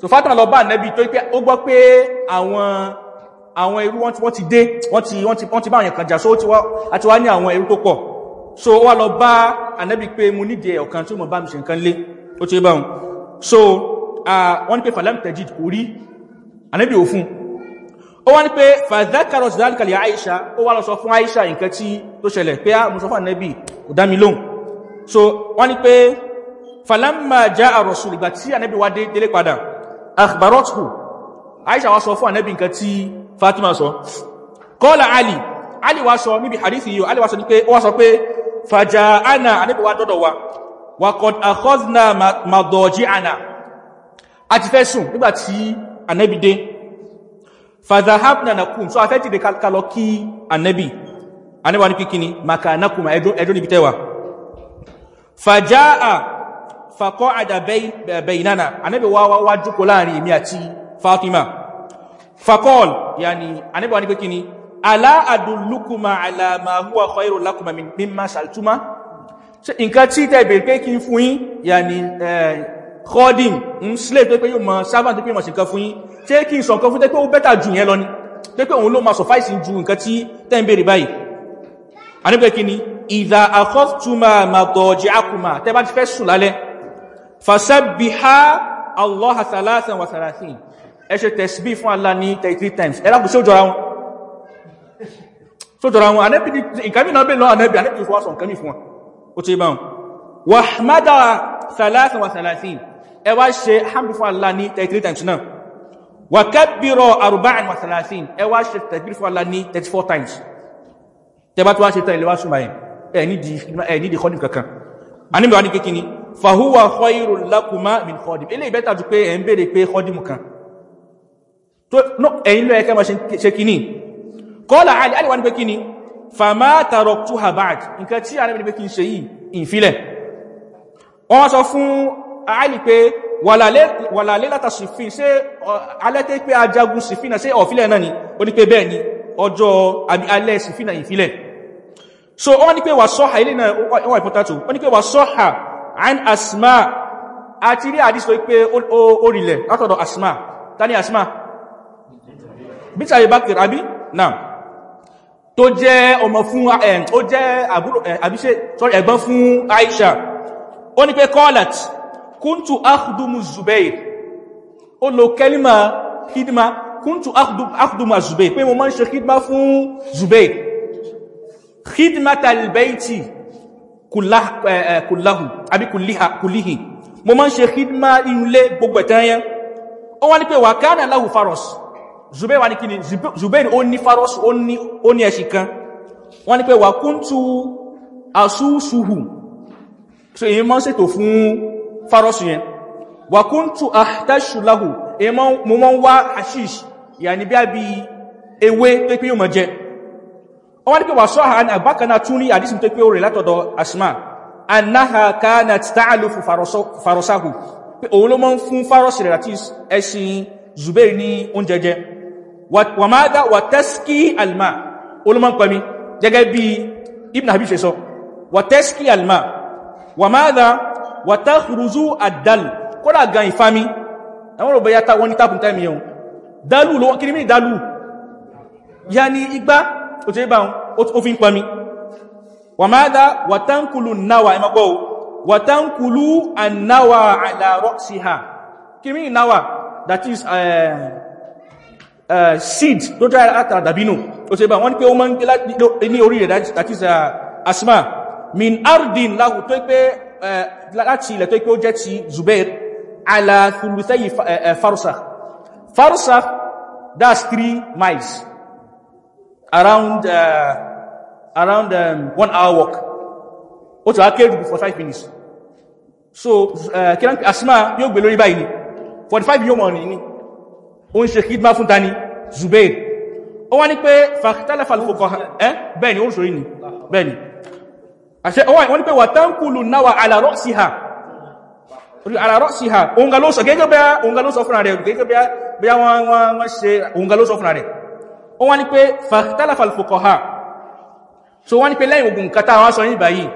so Fatima lọ bá nẹ́bí tó yẹ pé ó gbọ́ pé àwọn àwọn irú wọ́n ti dé wọ́n ti bá àwọn ẹ̀kànjà so àti wá ní àwọn irú tó pọ̀ so wá lọ bá ànẹ́bí pé mo nídìí ọ̀kan tí mo bá mi ṣe nǹkan lé ó ti bá so wọ́n ni pé falam tajid kò rí anábì òfin ó wá ní pé fàzákàrọ̀ sí dáríkàlì àìṣà ó wá lọ sọ fún àìṣà nǹkan tí tó ṣẹlẹ̀ pé a ah, mú sọ fún anábì kò dá mi so wọ́n ni pé falamma já àrọ̀sùn ìgbà tí anábì wá délé padà wa wakọ̀d àkọ́zna madọ̀jí a ti fẹ́ sùn nígbàtí ànábì dé fàdáhábnà nàkùn so afẹ́ dìde kalọ kí ànábì ànábì ní kíkíní maka nàkùn ẹjọ́ níbi tẹ́wà fàjáà fàkọ́ àdàbẹ̀yìnánà ànábì wá wá jùkọ láàrin èmi àti fatima fàkọ́ọ̀l yàní ànábì wá ní kíkíní alá àdúlùkùmà àlàmàhúwà khairu lakùmà mímá sàltúmà nǹkan tí tẹ́ bèèrè pé kí n fún yín yàní eh, kọ́dìm ń slave tó pé yóò mọ̀ servant tó pé mọ̀ sí nǹkan fún yín ṣé kí n sọ nǹkan fún tẹ́ pé ó bẹ́tà jù yẹn lọ ni tẹ́ pé òun ló máa suffice ju nǹkan tí tẹ́ ń bèèrè báyìí àníbẹ̀ kí ni ìdà àkọ́tùmà màtọ̀ọ̀jì akùmà tẹ́ bá ti fẹ́ sùn lálẹ́ fasabiha allah salasan wa salasin ẹ ṣe tẹ̀sbí fún 33 times ẹ lápò sí òjọra wọn sójọra wọn anẹ́bí ní nǹkan mìíràn bèèrè lọ anẹ́bí anẹ́bí fún wa sọ nǹkan mìí fún ẹ wá ṣe hamdufallah ní 33 times náà wà kẹ́bìrọ̀ arba'in wa thalathin ẹ wá ṣe takbirullah ní 34 times tẹba tó wá ṣe tán ilẹ̀ wá súnmà ẹ̀ nídi kọ́dìm kankan a níbẹ̀ wá ní kékí ni fahuwa khairul lakuma min kọ́dìm ilé ìbẹ́ta jù pé ẹ̀ ń bèèrè pé kọ́dìm kan tó ẹ̀yìn lọ ẹ̀kẹ́ ma ṣe kí ni kọ́lá nǹkan tí a níbi ní pé ṣe yìí ìfilẹ̀ wọ́n sọ fún àìlì pé wàlàlé látà sífin ṣe alẹ́tẹ́ pé ajagun sífin náà ṣe ọ̀fílẹ̀ náà ni ó ní pé bẹ́ẹ̀ ni ọjọ́ àbí alẹ́ sífin náà ìfilẹ̀ so wọ́n ní pé wà sọ́hà ilé náà wà ìpọ́tàtò wọ́n ní pé wà sọ́hà an asma àti rí àdísọ pé ó rílẹ̀ látọ̀dọ̀ asma tani asma bíntàrí bakir àbí náà tó jẹ́ ọmọ fún eh, ó jẹ́ àbúrò eh, àbíṣẹ́ sorry ẹ̀gbọ́n fún aisha ó ní pé kọ́lát kúntù áhùdùmù zubair ó lo kẹlìmà hidima kúntù áhùdùmù zubair pé mo máa ń ṣe hidima fún zubair hidima talibaiti kùláhù eh, eh, àbí kùlíhì mo máa ń ṣe hidima inúlé gbogbo ẹ̀tẹ́yẹn ó wá ní pé wà káàdà láhù faros zubair wá ní kí ni zubair ó ní faros ó ní ẹṣì kan wọ́n ní pé wà kúntù asúsùhù so èyí máa ń ṣètò fún farọ́sù yẹn wà kuntu ahtashu lahu mo mọ́ wá hashish yàní bí a bí ewé tó pé yóò mọ̀ jẹ ọ wá ní pé wà sọ́ àhán àbákaná tún ní àdísìn tó pé ó látọ̀dọ̀ asma annaha kanat ta'alufu farosahu pé òun ló mọ́ ń fún farọ́sù rẹ̀ àti ẹṣin zubair ní alma olùmọ́ ń pẹ̀mí gẹ́gẹ́ bí ibn habib ṣe alma wà wàtá kùrùzú àdàlù kódà gan ìfami àwọn òròbẹ̀ yàtà wọ́n ní tápùn táìmì yẹn dàlù ló wọ́n kí ní mí dàlù ya ni igbá o ti bá o fi ń pami wà máa dá wàtánkùlù náwà ẹmọ́gbọ́ wàtánkùlù ànáwà àlàrọ̀ sí ha kí ní náwà that is eh, eh, seed tó jára látara dàbínú o ti bá wọ́n ní pé o máa ń gẹ́ ní orí rẹ̀ that is eh, asma min ardin láhù tó pé láti ilẹ̀ tó ikú ó jẹ́ ti Zubair ala thuluthayi Farsakh Farsakh that's three miles around uh, around um, one hour walk ó ti wá kéèrè for five minutes so kíran Asma yóò gbé lórí báyìí ni 45 yóò mọ̀ rìn ní ó ń ṣe kìdmá fún tani Zubair ó wá ní pé fàtàlẹ́fà lókọ̀ ẹ́ bẹ́ẹ̀ ni ó ń ṣorí ni bẹ́ẹ̀ ni Eh, àṣẹ wọ́n ní pé wàtánkùlù náwà àlàrọ́síhà àlàrọ́síhà òǹgà ló sọ gẹ́gẹ́ bẹ́ òǹgà ló sọ fúnra rẹ̀ gẹ́gẹ́ bẹ́ wọ́n ṣe òǹgà ló sọ fúnra rẹ̀ wọ́n ní pé fàtàlàfàlfòkọ̀há so wọ́n ní pé lẹ́yìn ogun kata wọ́n sọ yìí báyìí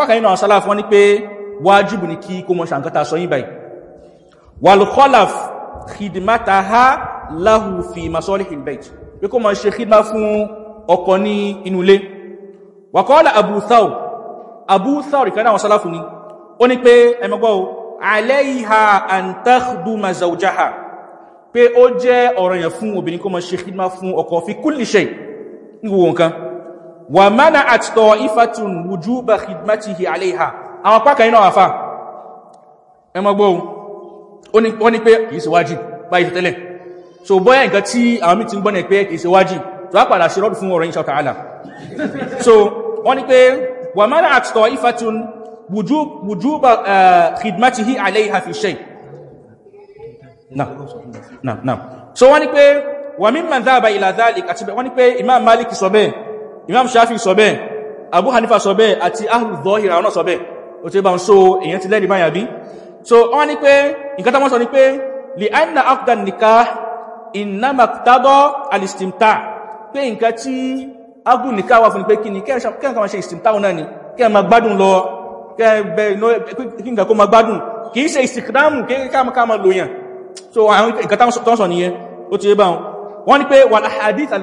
wọ́n ní pé wájúbù ní kí kó mọ́ ṣàǹkátà sọ yìí báyìí wàlùkọ́làfù khidmataha lahu fi masalihil bayt pé kó máa ṣe khidma fún ọkọ ní inú ilé wa qala abu thawr abu thawr kan àwọn salafu ni ó ní pé ẹ mọ̀ gbọ́ o alayha an takhduma zawjaha pé ó jẹ́ ọ̀ranyàn fún obìnrin kó máa ṣe khidma fún ọkọ fi kulli shay ní gbogbo nǹkan wa mana'at ta'ifatun wujuba khidmatihi alayha àwọn pa kan ina afa ẹ mọ̀ gbọ́ o wọ́n ní pé kìí ṣe wájì báyìí tẹ́lẹ̀ so bóyá nǹkan tí àwọn mítí ń gbọ́nà pé kìí ṣe wájì tó wá padà sí rọ́dù fún ọ̀rọ̀ insha ta'ala so wọ́n ní pé wà mara àtọ̀ ifatun wujuba eh, khidmatihi alayha fi shay so wọ́n ní pé wà mimman dhaba ila dhalik àti wọ́n ní pé imam malik sọ bẹ́ẹ̀ imam shafi sọ bẹ́ẹ̀ abu hanifa sọ bẹ́ẹ̀ àti ahlu dhahira náà sọ bẹ́ẹ̀ ó ti bá ń so èyàn ti lẹ́rìí báyà so wọ́n ní pé nǹkan tó wọ́n sọ ní pé li anna afdan nikah innama iqtada al-istimta pé nǹkan tí agun nikah wà fún pé kí ni kẹ́ẹ̀kan máa ṣe istimta náà ni kẹ́ẹ̀ máa gbádùn lọ kẹ́ẹ̀ nǹkan kó máa gbádùn kì í ṣe so àwọn nǹkan tó wọ́n sọ nìyẹn ó ti yé báwọn wọ́n ní pé wal ahadith al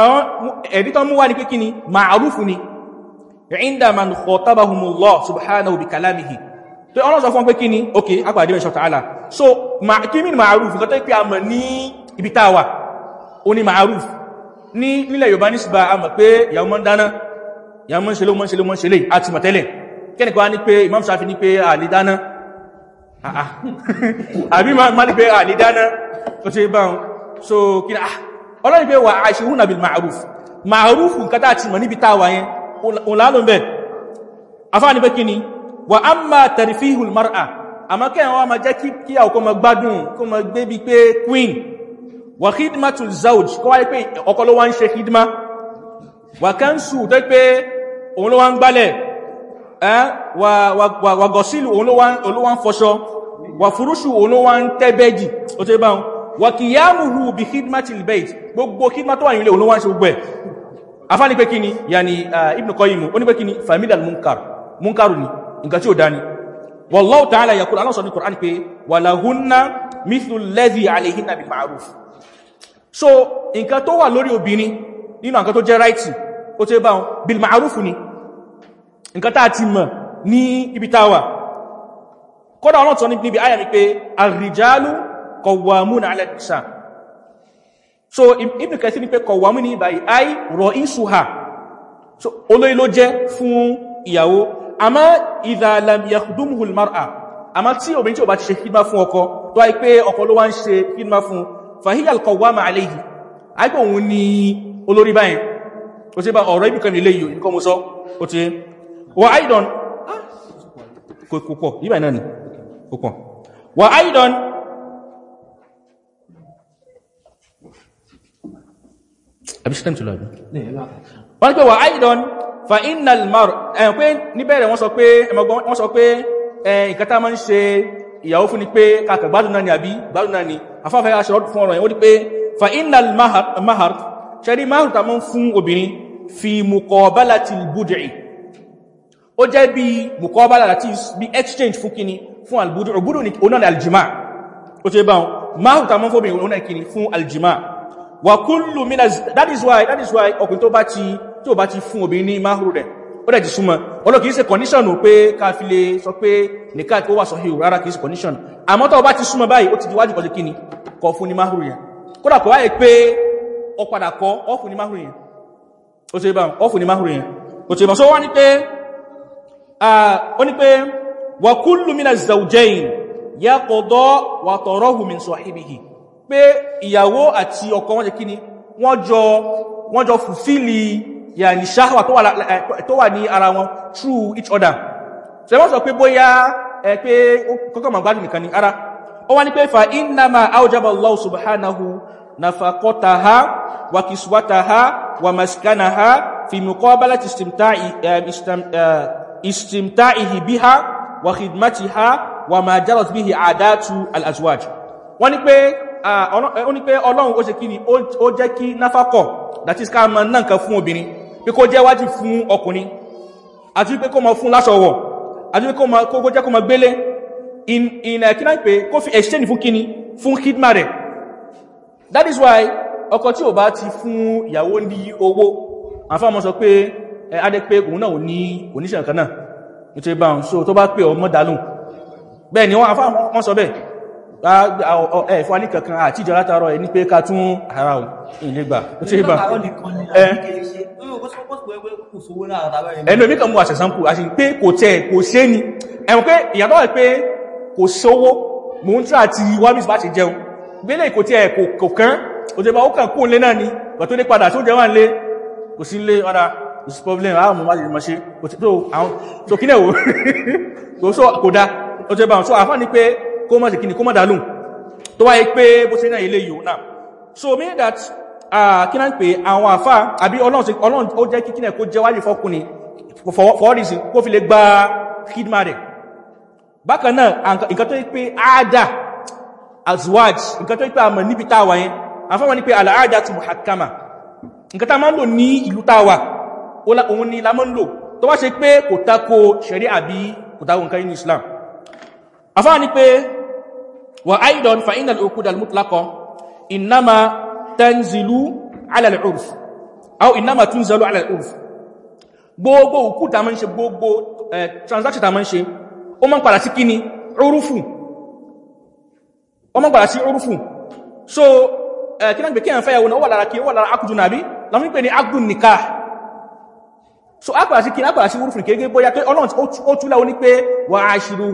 àwọn ẹ̀rí tán mú wá ní pé kí ni ma'arufu ni inda man khatabahumullah subhanahu bi kalamihi tó ọ̀nà sọ fún pé kí ni ok apàdé mẹ́ṣọ́ ta'ala so kí ni ma'arufu tó tẹ́ pé a mọ̀ ní ibi o ni ma'arufu ní nílẹ̀ Yorùbá ní ah, ah. so kí ni ah ọlọ́rin pé wà àṣírún nàbí ma'aruf ma'aruf nǹkan tàà ti mọ̀ níbi táwà yẹn òlàlùm bẹ̀ afáà ní pé kí ni wà á ma tarifihul mar'a àmá kẹ́yàn wá ma jẹ́ kí àwọ̀kọ́ ma gbádùn kó ma gbé bí pé queen wà khidmatul zawj kọ́ wáyé pé ọkọ ló wá ń ṣe khidma wa qiyamuhu bi khidmatil bayt gbogbo khidma tó wà nílé olówó ṣe gbogbo ẹ̀ afá ní pé kí ni yàní Ibn Qayyim ó ní pé kí ni famil al-munkar munkaru ni wallahu ta'ala yaqul aláṣọ ní Qur'an pé wa mithlu alladhi alayhinna bil ma'ruf so nǹkan tó wà lórí obìnrin nínú nǹkan tó jẹ́ right ó tẹ́ bá bil ma'ruf ni nǹkan tá ti mọ̀ ní ibi táwà kódà ọlọ́tọ̀ níbi ayà ni pé al qawwamuna 'ala al so Ibn Kathir ní pé qawwamuna ní báyìí ay ra'isuha so olóyìn ló jẹ́ fún ìyàwó àmá idha lam yakhdumuhu al-mar'a àmá tí obìnrin tí ó bá ti ṣe khidma fún ọkọ tó wáyé pé ọkọ ló wá ń ṣe khidma fún fahiya al-qawwama 'alayhi àìpọ̀ òun ni olórí báyìí ó ti bá àbí sílẹ̀ tí lọ ìbí wọ́n pẹ́ wà áìdán fa innal mar ẹ̀yàn pé níbẹ̀rẹ̀ wọ́n sọ pé ẹmọgbọ́n wọ́n sọ pé ìkàtà máa ń ṣe ìyàwó fún ni pé kàkà gbádùn náà ni àbí gbádùn náà ni afáfẹ́ aṣọ́rọ̀ fún ọ̀rọ̀ yẹn ó ní pé fa exchange fún kíni fún al-bud'u bud'u ni onáà aljima ó ti bá wọn mahar ta mọ́ fún obìnrin wà kúlù mínà that is why that is why ọkùn tó bá ti tí ó bá ti fún obìnrin ní máhùrù rẹ̀ ó dẹ̀ ti súnmọ́ ọlọ́ kìí condition ò pé ká fi lè sọ pé nìká tó wà sọ́hí rárá kìí ṣe condition àmọ́ tó bá ti súnmọ́ báyìí ó ti di wájú kọjú kíni kọ fún ní máhùrù yẹn kódà kọ wáyé pé ọ padà kọ ọ fún ní máhùrù yẹn ó ti bá ọ fún ní máhùrù yẹn ó ti bá so min sahibihi pé ìyàwó àti ọkọ wọ́n jẹ́ kí ni wọ́n jọ wọ́n jọ fùfílì yàní ṣáhàwà tó wà ní ara wọn through each other so wọ́n sọ pé bóyá pé kọ́kọ́ ma gbádùn nìkan ni ara ó wá ní pé fa innama awjaba Allahu subhanahu nafaqataha wa kiswataha wa maskanaha fi wa khidmatiha wa ma jarat wọ́n ní pé Ah, eh, ó ní pé ọlọ́run ó ṣe kí ni ó jẹ́ kí náfàkọ̀ that is ká mọ náà nǹkan fún obìnrin pé kó jẹ́ wájú fún ọkùnrin àti pé kó mọ fún láṣọwọ̀ àti pé kó jẹ́ kó mọ gbélé ìnà eh, kíná pé kó fi exchange fún kíni fún kidma rẹ̀ that is why ọkọ tí ò bá ti fún ìyàwó ní owó àfáàmọ́ sọ pé eh, ẹ̀fún alì kankan àti ìjọ látàrọ ẹ̀ ní pé ká tún ara ò ìlégbà ó tí ìbà ẹ̀nà omi kan mú àṣẹ̀sán kú àti pé kò tẹ́ kò ṣe ni ẹ̀wọ̀n pé ìyàtọ̀ rẹ̀ pé kò sówó mú ń tíra ti wábís bá ti jẹun gbélé kò tẹ́ kò kán ó jẹba ó kàn kó lé náà ni bà tó dé padà tó jẹ wà lé kò sí lé ọ̀dà kò sí problem àwọn mọ̀ má ti mọ̀ ṣe kò tí tó àwọn tó o náà wò kò dá ó jẹba àwọn tó àfáà ni pé kó mọ́ sí ni kó mọ́ dálùn tó wáyé pé bó ṣe náà ilé yìí náà so me that kí náà ń pè àwọn àfá àbí ọlọ́run ó jẹ́ kíkí náà kó jẹ́ wáyé fọ́kùnrin for reason kó fi lè gba kidma rẹ̀ bákan náà nǹkan tó yí pé àádà azwaj nǹkan tó yí pé àmọ̀ níbi táwà yẹn àfáwọn ni la máa ń lò tó wá ṣe pé kò tako ṣẹ̀rí àbí ni pé وأيضا فإن العقود المطلقة إنما تنزل على العرف أو إنما تنزل على العرف gbogbo òkú ta mọ́ ń ṣe gbogbo eh, transaction ta mọ́ ń ṣe ó mọ́ ń padà sí kí ni orúfù ó mọ́ ń padà sí orúfù so eh, kí náà gbé kí à ń fẹ́ ẹ̀wọ̀n ó wà lára kí ó wà lára akùdù nàbí lọ́mí pé ní akùdù nìká so a padà sí kí ní a padà sí orúfù kéèké bóyá pé ọlọ́run ó túlẹ̀ ó ní pé wà á ṣìrù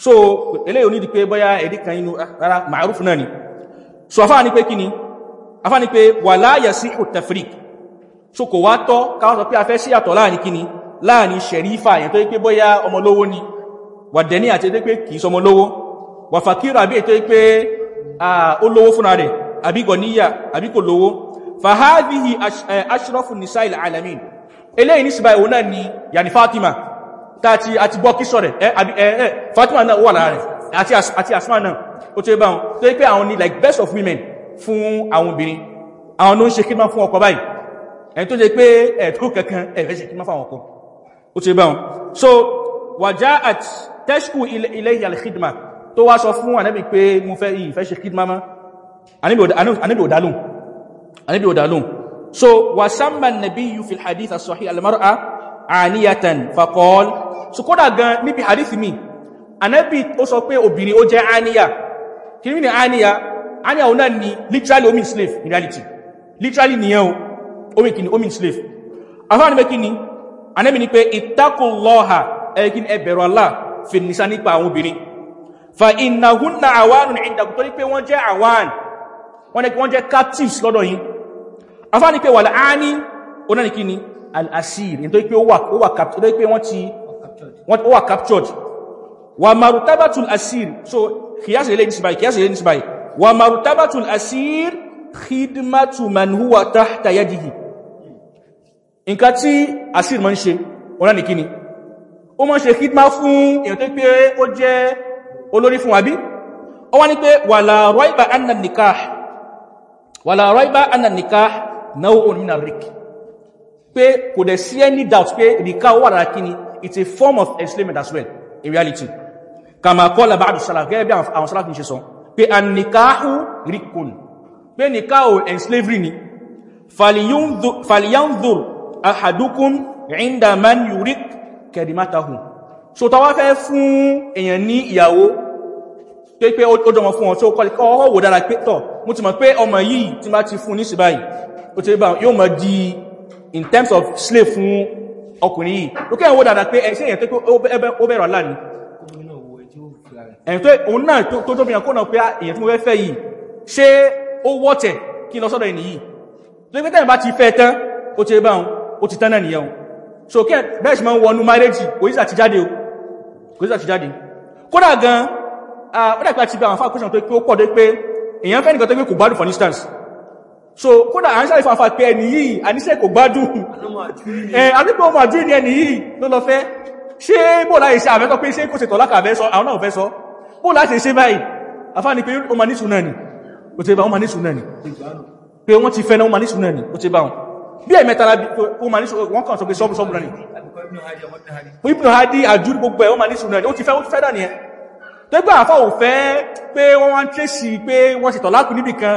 so eléyìí onídi pé bọ́yá ẹ̀dí kan inú ah, rárá ma'aruf náà ni so afá ní pé kí ni afá ní pé wala yasihu tafriq so kò wá tọ́ káwọn sọ pé afẹ́ sí àtọ̀ láàrin kí ni láàrin ṣẹ̀rífà yẹn tó yí pé bọ́yá ọmọlówó ni wà dẹ̀ní àti ẹ̀dẹ́ pé kìí sọmọlówó wà fàkírù àbí ètò pé ó lówó fúnra rẹ̀ àbí gọ̀níyà àbí kò lówó fahadhihi ashrafu eh, nisail alamin eléyìí nísìbáyìí òun náà ni yani Fatima tàti àti bọ́kíṣọ́ rẹ̀ ẹ̀ Fatima náà wà láàrin àti Asma náà ó tó ibáhùn tó yí àwọn ni like best of women fún àwọn obìnrin àwọn ló ń ṣe kíma fún ọkọ báyìí ẹni tó jẹ́ pé ẹ̀tọ́ kankan ẹ̀fẹ́ ṣe kíma fáwọn ọkọ ó tó at tashku ilayhi al-khidma tó wá sọ fún ànábì pé mo fẹ́ ìfẹ́ ṣe khidma mọ́ ànábì òdàlóhùn so wàsánmà nàbí yù fil hadith as-sahih al so kódà gan níbi hadith mi anábì ó sọ pé obìnrin ó jẹ́ aniya kí ní aniya aniya ò náà ni literally omin slave in reality literally nìyẹn omin kìíní omin slave afáàni pé kíni anábì ni pé ittaqullaha ẹ̀kín ẹbẹ̀rọ Allah fi nìsá nípa àwọn obìnrin fa innahunna àwánù ìdàkù tó ní tó ní pé wọ́n ti wọ́n wà captured wà marutabatul asir so kíyàsì ilé nìsìbáyì kíyàsì ilé nìsìbáyì wà marutabatul asir khidmatu man huwa tahta yadihi nǹkan tí asir ma ń ṣe ọ̀nà ní kíni ó ma ń ṣe khidma fún èyàn tó pé ó jẹ́ olórí fún àbí ó wá ní pé wala raiba anna nikah wala raiba anna nikah naw'un min ar-rik pé kò dẹ̀ sí any doubt pé nikah wà rárá it's a form of enslavement as well in reality kama qala ba'du salaf gẹ́gẹ́ bí àwọn salaf ní ṣe sọ pé an nikahu rikun pé nikahu and slavery ni falyanzur ahadukum inda man yurik kalimatahu so ta wá fẹ́ fún èyàn ní ìyàwó pé pé ó jọmọ fún wọn tó kọ́lẹ̀ ọwọ́ wò dára pé tọ́ mo ti mọ̀ pé tí ó ti in terms of slave fún ọkùnrin yìí ó kẹ́ ẹ̀wọ́ dáadáa pé ẹ̀ṣẹ́ èyàn tó pé ó bẹ̀rọ aláà ni ẹ̀yìn tó òun náà tó tóbi yàn kó náà pé ah, èyàn tí mo fẹ́ fẹ́ yìí ṣé ó wọ́tẹ̀ kí lọ sọ́dọ̀ ẹni yìí tó pé tẹ́yìn bá ti fẹ́ tán ó ti bá ó ti tán náà nìyẹn so kí bẹ́ẹ̀ sì máa ń wọnú márẹ́jì òyíṣà ti jáde òyíṣà ti jáde kódà gan ah, ó dàgbà ti gba àwọn fáwọn kóṣàn tó pé ó pọ̀ dé pé èyàn fẹ́ nìkan tó pé kò gbádùn for instance so kódà àrísà ìfàfà pé ẹni yìí àníṣẹ́ kò gbádùn àdúgbò ọmọ àjí ní ẹni yìí ló lọ fẹ́ ṣe bóòlá ìṣẹ́ àfẹ́tọ́ pé ṣe kò ṣètọ̀ lákàfẹ́ sọ àwọn náà fẹ́ sọ bóòlá ṣe ṣe báyìí afá ni pé ó ma ní sunani ó ti bá wọn ma ní sunani pé wọ́n ti fẹ́ná ó ma ní sunani ó ti bá wọn bí ẹ̀ mẹ́ta wọ́n kàn sọ pé sọ́bù sọ́bù nani Ibn Hadi àjú gbogbo ẹ̀ ó ma ní sunani ó ti fẹ́ ó ti fẹ́ dà nìyẹn tó gbà àfá ò fẹ́ pé wọ́n wá ń tẹ́sì pé wọ́n ṣètọ̀ lákùn níbìkan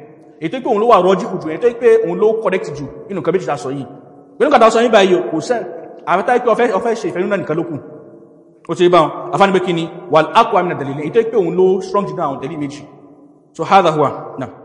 èyí tó pé òun ló wà rọ́jí kùjù èyí tó pé òun ló correct jù nínú kan méjì ta sọ yìí pẹ̀lú kàtà sọ yìí báyìí kò sẹ́ àfẹ́tà pé ọfẹ́ ṣe ìfẹ́ nínú nìkan lókun ó ti báwọn afánibé kí ni wal aqwa min ad-dalil èyí òun ló strong jù náà méjì so hadha huwa náà